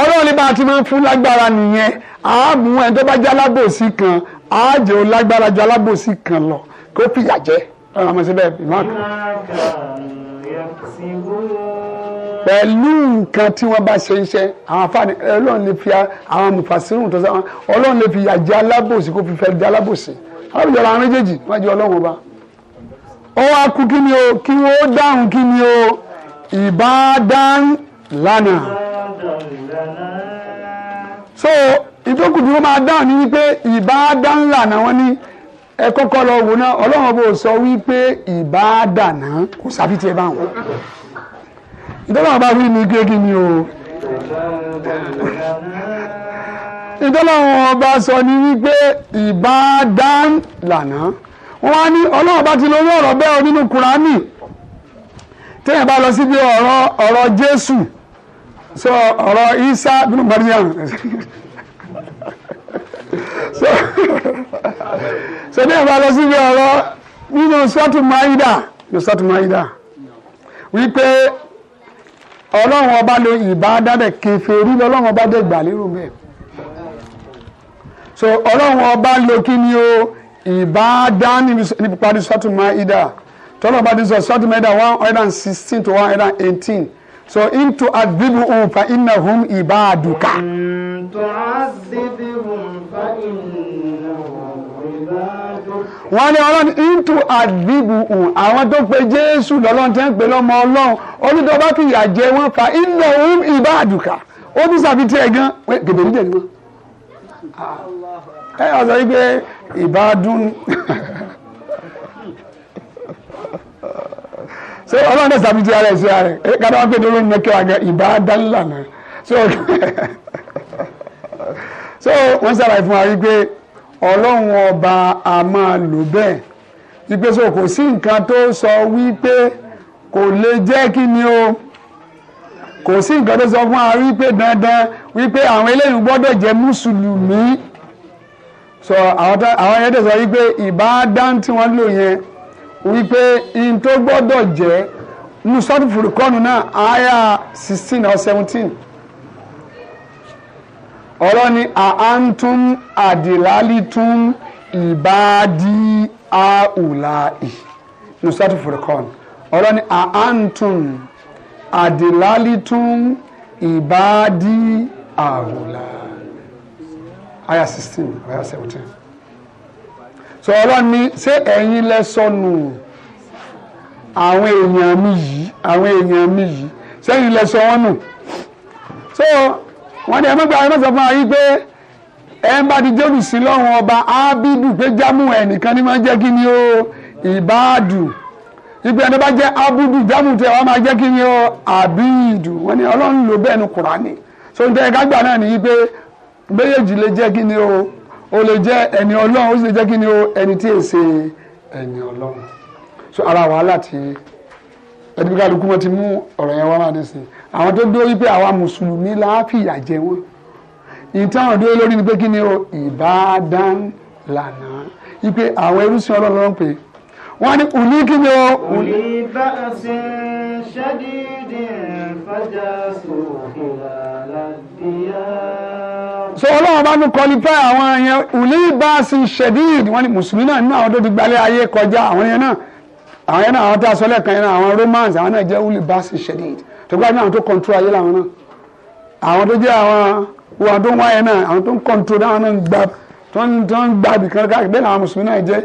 ọlọ́run ní bá a
ti máa ń fún lágbára nìyẹn àámú ẹni tó bá jẹ́ alábòsí kan àájẹ́ ò lágbára jẹ́ alábòsí kan lọ kó fìyà jẹ ọ̀rọ̀ pẹ̀lú nǹkan tí wọ́n bá ṣe iṣẹ́ àwọn afáàní ọlọ́run lè fi àwọn mùfàsírùn tó sáwọn ọlọ́run lè fi ìyà alábòsí kó fi fẹ́ jẹ alábòsí. wọ́n bụ àwọn méjèèjì wọ́n jẹ ọlọ́run ọba ó wá kú kí ni o kí wọ́n dáhùn kí ni o ìbádán lánàá so ìdókù máa dáhùn ní wípé ìbádán lánàá wọn ní ẹ kọ́kọ́ lọ wò náà ọba ò sọ wípé kò sábì wí ni kí ni o. ìtọ́lọ́run ọba sọ ni wípé ìbádán lànà wọn á ní ọlọ́run bá ti lórí ọ̀rọ̀ bẹ́ẹ̀ nínú kùránì téèyàn bá lọ síbi ọ̀rọ̀ ọ̀rọ̀ jésù sọ ọ̀rọ̀ isa bínú mariam so téèyàn bá lọ síbi ọ̀rọ̀ nínú sọ́tù maida nínú sọ́tù maida wípé ọlọ́run ọba lo ìbádán bẹ́ẹ̀ kẹfẹ́ rí lọ́lọ́run ọba dẹ̀ gbà lérò bẹ́ẹ̀ so ọlọ́run ọba lo kí ni o ìbádá níbi parí sọ́tún Maida tọ́lọ̀ bá ti sọ sọ́tún one hundred and sixteen to one hundred and eighteen so into adibu um fa inna hum ibaduka. wọ́n ní ọlọ́run into adibu um àwọn tó pe Jésù lọ́lọ́run tẹ́ ń pè lọ́mọ ọlọ́run olùdó bá fìyà wọ́n fa inna hum ibaduka ó bí sàbí tiẹ̀ gan gèdè nídẹ̀ ni wọ́n ẹ yà sọ wípé ìbádùn so ọlọ́run náà sàbí ti ara ẹ̀ sí ara ẹ̀ kí wọ́n pè é lórí nẹ́kẹ́ wa gan ìbádùn lànà so wọ́n ṣàlàyé fún wa wípé ọlọ́run ọba a máa lò bẹ́ẹ̀ wípé so kò sí nǹkan tó sọ wípé kò lè jẹ́ kí ni o kò sí nǹkan tó sọ fún wa wípé dandan wípé àwọn eléyìí gbọ́dọ̀ jẹ́ mùsùlùmí sọ àwọn yẹn tẹ̀ sọ wípé ìbádán tí wọ́n lò yẹn wípé n tó gbọ́dọ̀ jẹ́ nusọ́tù furukọ́nù náà àyà sixteen or seventeen ọ̀rọ̀ ni àhántún àdìlálítún ìbádí àùláì nusọ́tù furukọ́nù ọ̀rọ̀ ni àhántún adilalitun ibadi awula aya sixteen aya seventeen so ọlọ́run ní ṣé ẹ̀yin lẹ sọnù àwọn èèyàn mi yìí àwọn èèyàn mi yìí sẹ́yìn lẹ sọ wọ́n nù so wọ́n ní ẹ mọ́gbà ẹ mọ́sọ fún wa yìí pé ẹ ń bá di jẹ́rù sí lọ́wọ́ ọba ábídù pé jámù ẹnìkan ní máa ń jẹ́ kí ni ó ìbáàdù ibi ẹni bá jẹ́ abudu jámù tí ẹ máa jẹ́ kí ni ọ abidu wọ́n ní ọlọ́run ló bẹ́ẹ̀ nu kùránì so n tẹ́ ká gbà náà nìyí pé méjèèjì lè jẹ́ kí ni o o lè jẹ́ ẹni ọlọ́run ó sì lè jẹ́ kí ni o ẹni tí èsè ẹni ọlọ́run so ara wàhálà ti ẹni bí kálukú wọn ti mú ọ̀rọ̀ yẹn wá máa ní sìn àwọn tó dúró wípé àwa mùsùlùmí la fìyà jẹ wọn ìtàn dúró lórí ni pé kí ni o ìbádàn lànà wípé àwọn ẹrú sí ọlọ́run pé wọ́n ní òní kí ni
ó. òní bá a ṣe ṣẹ́dídì fàjà sòkìlà so ọlọ́run bá ní
kọlifẹ́ àwọn yẹn òní bá a ṣe ṣẹ́dídì wọ́n ní mùsùlùmí náà nínú àwọn tó ti gbalẹ̀ ayé kọjá àwọn yẹn náà àwọn yẹn náà àwọn tá a sọ lẹ́ẹ̀kan yẹn náà àwọn romans àwọn náà jẹ́ òní bá a ṣe ṣẹ́dídì tó gbá náà tó kọ̀ntró ayé làwọn náà àwọn tó jẹ́ àwọn wọn tó ń wáyé náà àwọn tó ń kọ̀ntró náà wọn náà ń gbà tó ń gbà bìkan káàkiri bẹ́ẹ̀ làwọn mùsùlùmí náà jẹ́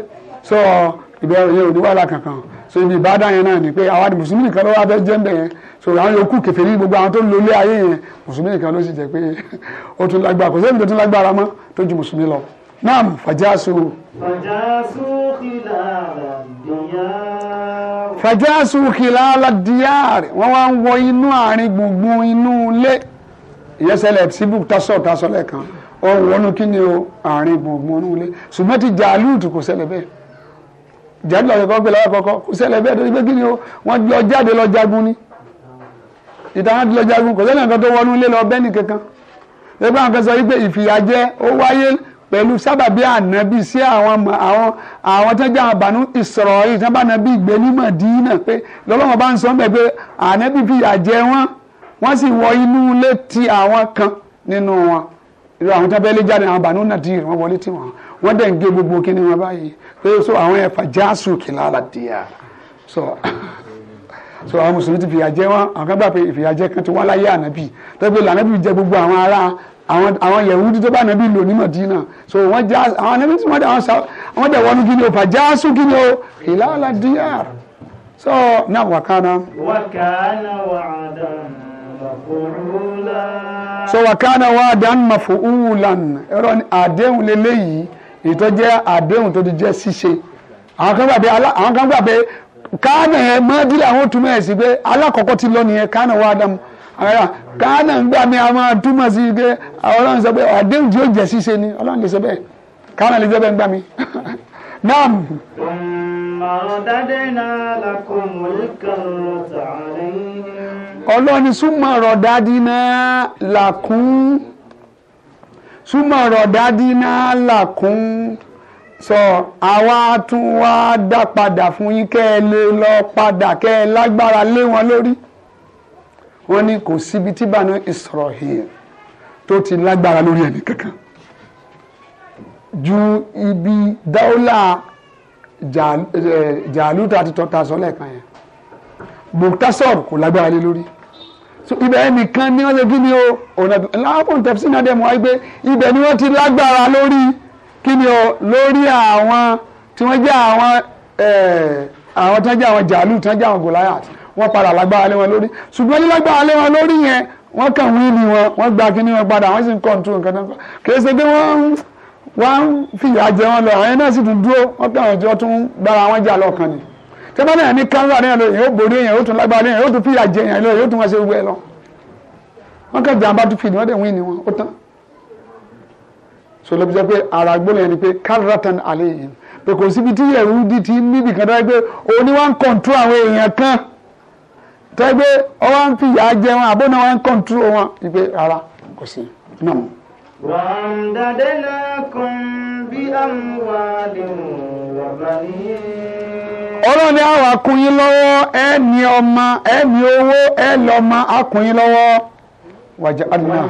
so. Uh, ibẹ̀ yẹn ò ní wàhálà kankan so ibi ìbádàn yẹn náà ni pé àwa mùsùlùmí nìkan ló wá fẹ́ jẹ́ ń bẹ̀ yẹn so àwọn yòókù kèfèrí gbogbo àwọn tó ń lo ilé ayé yẹn mùsùlùmí nìkan ló sì jẹ́ pé ó tún lágbára kò sẹ́ni tó tún lágbára mọ́ tó ju mùsùlùmí lọ naam fàjásù.
fàjásù kìláàlà dìyàr.
fàjásù kìláàlà dìyàr wọ́n wá ń wọ inú àárín gbùngbùn inú ilé ìyẹsẹ̀lẹ̀ síbù tásọ̀ tásọ̀ lẹ́ẹ̀kan ó wọnú kí ni o àárín gbùngbùn inú ilé ṣùgbọ́n ti jàlúùtù kò ṣẹlẹ̀ jihadi lọ́sẹ̀ kan gbé lọ́wọ́ kọ́kọ́ kò ṣẹlẹ̀ bẹ́ẹ̀ torí pé ni o wọ́n lọ jáde lọ jagun ni ìta wọn lọ jagun kò sẹ́ni kan tó wọnú ilé lọ bẹ́ẹ̀ ni kankan ẹgbẹ́ àwọn kan sọ wípé ìfìyàjẹ ó wáyé pẹ̀lú sábàbí ànábì sí àwọn àwọn àwọn tó jẹ́ àbánú Ísírẹ́lì tó bá ànábì gbé ní Mádínà pé lọ́lọ́wọ́ bá ń sọ bẹ́ẹ̀ pé ànábì fìyàjẹ wọn wọ́n sì wọ inú ilé ti àwọn kan nínú wọn irú àwọn tó bẹ́ẹ̀ lé jáde àwọn àbánú Nàdírì wọ́n dẹ̀ ń gé gbogbo kí ni wọ́n báyìí pé so àwọn ẹ̀fà jáàsù kìlá àlàdìyà so so àwọn mùsùlùmí ti fìyà jẹ wọn àwọn kan gbà pé ìfìyà jẹ kan ti wá láyé ànábì tẹ́gbẹ́ lànábì jẹ gbogbo àwọn ará àwọn yẹ̀wúdí tó bá ànábì lò ní Mádínà so wọ́n já àwọn ànábì tí wọ́n dẹ̀ àwọn sá wọ́n dẹ̀ wọnú kí o fà jáàsù kí o kìlá àlàdìyà so náà wàkánná.
wàkánná wàdàn
so wàkánná wàdàn mafuulan ẹ̀rọ àdéhùn lélẹ́yìí ìtọ́jẹ́ àdéhùn tó ti jẹ́ ṣíṣe àwọn kan gbà pé àwọn kan gbà pé àwọn túmọ̀ ẹ̀ sí pé alákọ̀ọ́kọ́ ti lọ nìyẹn káànà wà dàmú àwọn káànà gbà mí àwọn túmọ̀ sí pé ọlọ́run sọ pé àdéhùn tí ó jẹ́ ṣíṣe ni ọlọ́run lè sọ bẹ́ẹ̀ káànà lè sọ bẹ́ẹ̀ gbà mí. naam. ọlọ́run súnmọ́ ọ̀rọ̀ làkún. súnmọ́ rọ̀dá dínà làkún sọ àwa tún wá dá padà fún yín kẹ́ ẹ lè lọ padà kẹ́ ẹ lágbára lé wọn lórí wọ́n ní kò síbi tí bàánú Israel tó ti lágbára lórí ẹni kankan ju ibi dáúlà eh, jàlúta àti tọ́ta sọ lẹ́ẹ̀kan yẹn Mùtásọ̀rù kò lágbára lé lórí ibẹ̀ nìkan ni wọ́n ṣe kí ni o ọ̀nà láàbùn tẹ̀sí náà dẹ̀ mọ́ wáyé pé ibẹ̀ ni wọ́n ti lágbára lórí kí ni o lórí àwọn tí wọ́n jẹ́ àwọn àwọn tí wọ́n jẹ́ àwọn jàlú tí wọ́n jẹ́ àwọn Gòláyàtì wọ́n padà lágbára lé wọn lórí ṣùgbọ́n lílágbára lé wọn lórí yẹn wọ́n kàn wí ni wọn wọ́n gba kí ni wọn padà wọ́n sì ń kọ́ńtù nǹkan náà kìí ṣe pé wọ́n wọ́n fìyà jẹ wọn lọ àwọn náà sì tún dúró wọ́n kàn wọ́n tún gbára wọn jà lọ́kàn ni tẹ́bá náà ní kánúrà náà lọ yóò borí èèyàn yóò tún lágbára lẹ́yìn yóò tún fìyà jẹ èèyàn lọ yóò tún wá sí ewu ẹ lọ wọn kàn jàǹbá tún fìdí wọn dẹ̀ wíìnì wọn ó tán so jẹ́ pé ara gbólẹ̀ yẹn ni pé káràtàn àlẹ́ yẹn pé kò síbi tí ẹ̀rú di ti níbi kan dáa pé òun ni wọ́n ń kọ̀ǹtú àwọn èèyàn kan tẹ́ pé ọwọ́ ń fìyà jẹ wọn àbọ̀nà wọn ń kọ̀ǹtú wọn ìgbé rárá kò sí náà.
وأمددناكم بأموال وبنين ọlọ́run ni àwọn
akùnyin lọ́wọ́ ẹ ní ọmọ ẹ ní owó ẹ lọ́mọ akùnyin lọ́wọ́ wàjà àdúrà.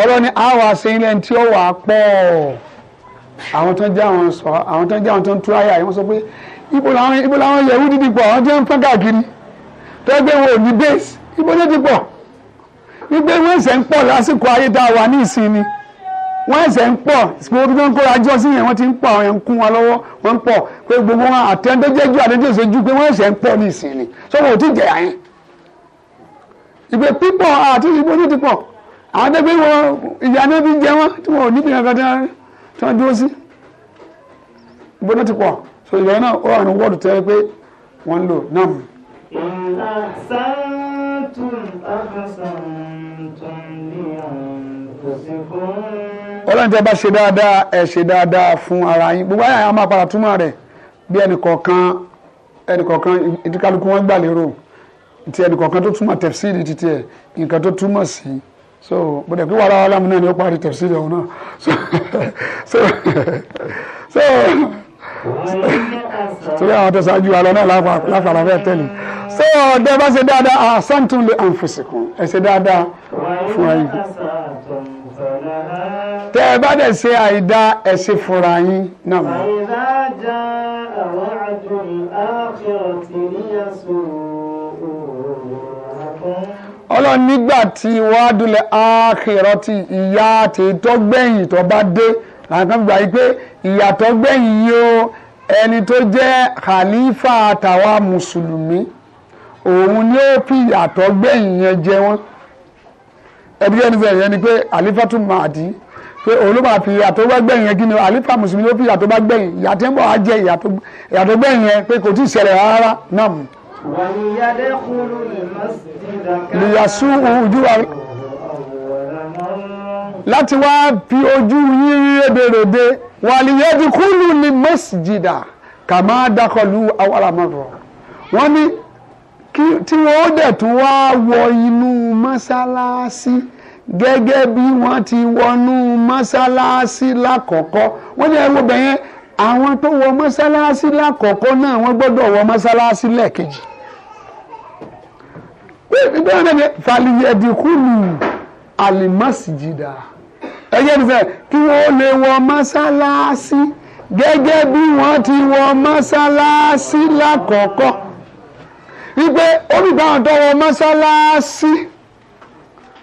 ọlọ́run ni àwọn àṣeyìn lẹ́yìn tí ó wà pọ̀ àwọn tó ń àwọn sọ àwọn tó ń àwọn tó ń tú àyà yìí sọ pé wípé wọ́n ẹ̀sẹ̀ ń pọ̀ lásìkò ayé tá a wà ní ìsinmi wọ́n ẹ̀sẹ̀ ń pọ̀ gbogbo bí wọ́n ń kóra jọ sí yẹn wọ́n ti ń pọ̀ àwọn yẹn ń kún wọn lọ́wọ́ wọ́n ń pọ̀ pé gbogbo wọn àtẹnudẹ́jẹ́jú àtẹnudẹ́jọ́jú pé wọ́n ẹ̀sẹ̀ ń pọ̀ ní ìsinmi sọ́wọ́ ò tí ì jẹ̀yà yẹn. ìgbẹ́ pípọ̀ àti ìbò ní ti pọ̀ àwọn tẹ́gbẹ́ wọn ìyá náà fi jẹ wọn tí wọn ò níbi kankan tí wọ́n dúró sí. ìbò náà ti pọ̀ so ìgbà náà ó wà ní wọ́ọ̀dù tẹ́lẹ̀ pé wọ́n
ìlà sáà tún àfẹ́sàn
ọlọ́run tí ẹ bá ṣe dáadáa ẹ ṣe dáadáa fún ara yín gbogbo àyà yẹn máa túmọ̀ rẹ̀ bí ẹnìkọ̀ọ̀kan ẹnìkọ̀ọ̀kan ìdíkálukú wọn gbà lérò ti ẹnìkọ̀ọ̀kan tó túmọ̀ tẹ̀fsíìrì ti tiẹ̀ nǹkan tó túmọ̀ sí i so bó pé wàrà wàrà náà ni ó parí tẹ̀fsíìrì ọ̀hún náà so so so torí àwọn tó ṣáájú wa náà láfàrà bẹ́ẹ̀ tẹ̀lé so ọ̀dẹ́ bá ṣe dáadáa àṣàǹtún àǹfẹ̀sìkún ẹ̀ ṣe dáadáa fún ayé tẹ́ ẹ bá dẹ̀ ṣe àìdá ẹ ṣe fúnra yín náà mọ́.
àìdá já àwọn àjò àkẹ́rọ̀ tì ní ẹ̀sùn
ọlọ́run nígbà tí wàádùlẹ̀ àkèrọ̀ ti ìyá àtẹ̀tọ́ gbẹ̀yìn tó bá dé làǹkan gbà yí pé ìyá gbẹ̀yìn yìí ó ẹni tó jẹ́ khalifa àtàwa mùsùlùmí òun ni ó fi ìyá gbẹ̀yìn yẹn jẹ wọ́n ẹbí ẹni bẹ̀rẹ̀ yẹn ni pé àlífàtúmọ̀ àdí pé òun ló máa fi ìyà tó bá gbẹ̀yìn yẹn kí ni àlífà mùsùlùmí ló fi ìyà tó bá gbẹ̀yìn ìyà tí ń bọ̀ á jẹ ìyà tó gbẹ̀yìn yẹn pé kò tí ì ṣẹlẹ̀ rárá náà mú.
lìyàsú ojú
wa láti wá fi ojú yín rí rèdèrèdè wàlíyẹ́dì kúlù ní mọ́sìjìdà kà máa dákọ̀lù awàlámọ̀rọ̀ wọ́n ní tí wọ́n dẹ̀ tún wá wọ inú mọ́sálásí. Si gẹ́gẹ́ bí wọ́n ti wọnú mọ́sálásí lákọ̀ọ́kọ́ wọ́n ní ẹrú ọbẹ̀ yẹn àwọn tó wọ mọ́sálásí lákọ̀ọ́kọ́ náà wọ́n gbọ́dọ̀ wọ mọ́sálásí lẹ́ẹ̀kejì ìgbẹ́ wọn dẹ́gbẹ́ fàlìyẹ̀dìkúlù àlìmọ́sìjìdà ẹ̀yẹ́ nìfẹ́ kí wọ́n lè wọ mọ́sálásí gẹ́gẹ́ bí wọ́n ti wọ mọ́sálásí lákọ̀ọ́kọ́ wípé ó ní báwọn tó wọ mọ́sálásí.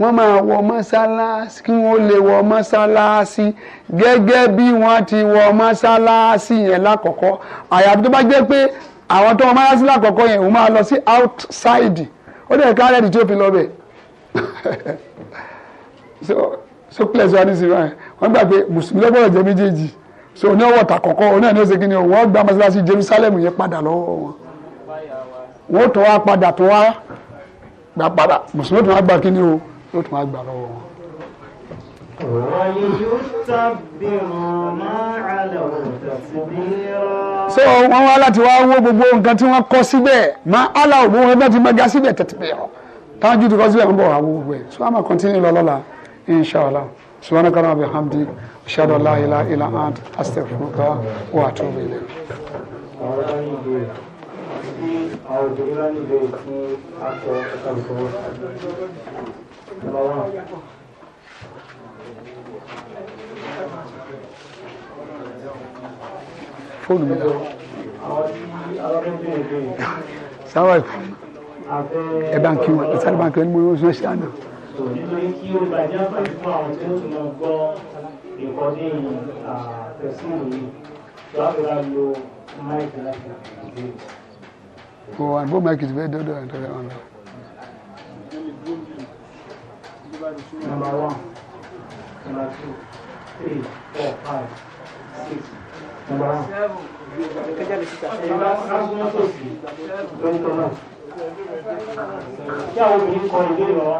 wọ́n máa wọ mọ́sálásí kí wọ́n lè wọ mọ́sálásí gẹ́gẹ́ bí wọ́n ti wọ mọ́sálásí yẹn lákọ̀ọ́kọ́ àyàfi tó bá jẹ́ pé àwọn tó wọ mọ́sálásí lákọ̀ọ́kọ́ yẹn wọ́n máa lọ sí outside ó dẹ̀ ká rẹ́ẹ̀dì tí ó fi lọ bẹ̀ so so clear so adisi rẹ wọ́n gbà pé mùsùlùmí lọ́gbọ́dọ̀ jẹ́ méjèèjì so ní ọwọ́ ta kọ̀ọ̀kọ́ oní ẹni ó ṣe ni wọ́n gba mọ́sálásí Jerusalem yẹn padà lọ́wọ́ wọn wọ́n tó wá padà tó wá gbà padà mùsùlùmí tó wá gbà kí yóò tún wá gbà lọ́wọ́ wọn. so wọ́n wá láti wá wó gbogbo nǹkan tí wọ́n kọ́ síbẹ̀ má ala òbó wọn bá ti má ga síbẹ̀ tẹ̀tẹ̀pẹ̀ ọ̀ táwọn jù tó kọ́ síbẹ̀ ń bọ̀ wá wó gbogbo ẹ̀ so a máa kọ́ntínú lọ lọ́la inshàlá subhanaka wa bihamdi ashhadu an la ilaha illa ant astaghfiruka wa atubu
ilayk àwọn obìnrin láti bẹ̀rẹ̀ fún akọ ẹ̀ka ìfọwọ́sí fóònù mi náà. sáwà ìfún ẹ bá ń kí wọn ìsáré bá ń kí wọn ní mo yóò sún ẹsẹ àná. nítorí kí ó bá jẹ́ àǹfààní fún àwọn tí ó tún lọ gbọ́ ìkọ́dé tẹ̀sán yìí
ti fẹ́ dọ́dọ̀ àtọ́rẹ́ náà.
Number one, number two, three, four, five, six. Number one. Kí àwọn obìnrin kọ ìbéèrè wa?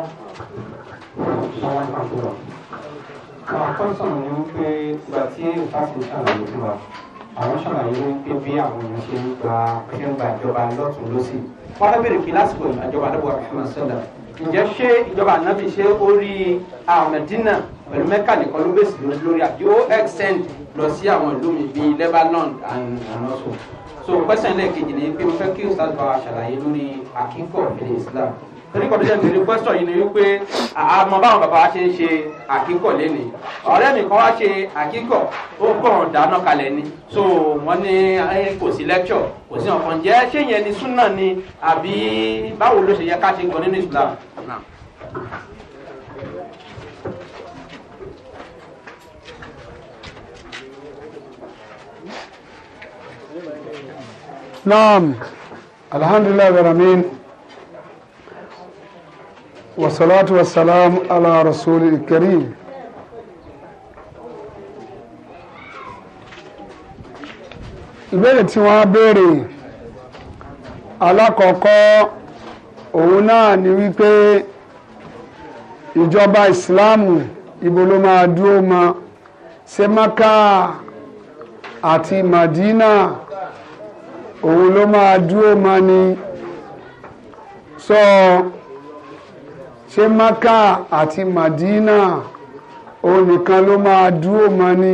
Àwọn ìpàdé wa. Àwọn akọ́sọ̀rọ̀ ni wípé ìgbà tí ìfàkùn ṣàlàyé fún wa àwọn ṣàlàyé wípé bí àwọn èèyàn ṣe ń gba ẹgbẹ́ ìjọba lọ́tún lọ́sì. wọ́n á bèrè kí lásìkò ìjọba àdàbọ̀ àfihàn sọ́dà ǹjẹ́
ṣé ìjọba ànábì ṣe orí àmẹ́dínà pẹ̀lú mẹ́kà nìkan ló bèsì lórí àbí ó extend lọ sí àwọn ìlú mi bíi Lebanon and also so question lẹ́ẹ̀kejì ni pé mo fẹ́ kí ustaz bá wa ṣàlàyé lórí akíkọ̀ọ́ ilé Islam torí kọ́ tó jẹ́ tèrè question yìí ni wípé àmọ́ báwọn bàbá wa ṣe ń ṣe àkíkọ̀ lénìí ọ̀rẹ́ mi kan wá ṣe àkíkọ̀ ó kàn dáná kalẹ̀ ni so wọ́n ní kò sí lecture kò sí ọ̀kan jẹ́ ṣé yẹn ni súnà ni àbí báwo ló ṣe yẹ ká ṣe gan nínú Islam. نعم الحمد لله رب والصلاة والسلام على رسول الكريم. ìbéèrè tí wọ́n béèrè alákọ̀ọ́kọ́ òun náà ni wípé ìjọba ìsìláàmù ibo ló máa dúró mọ ṣé maka àti madina òun ló máa dúró mọ ni sọ. So, ṣé maka àti madina òun nìkan ló máa dúró mọ́ ni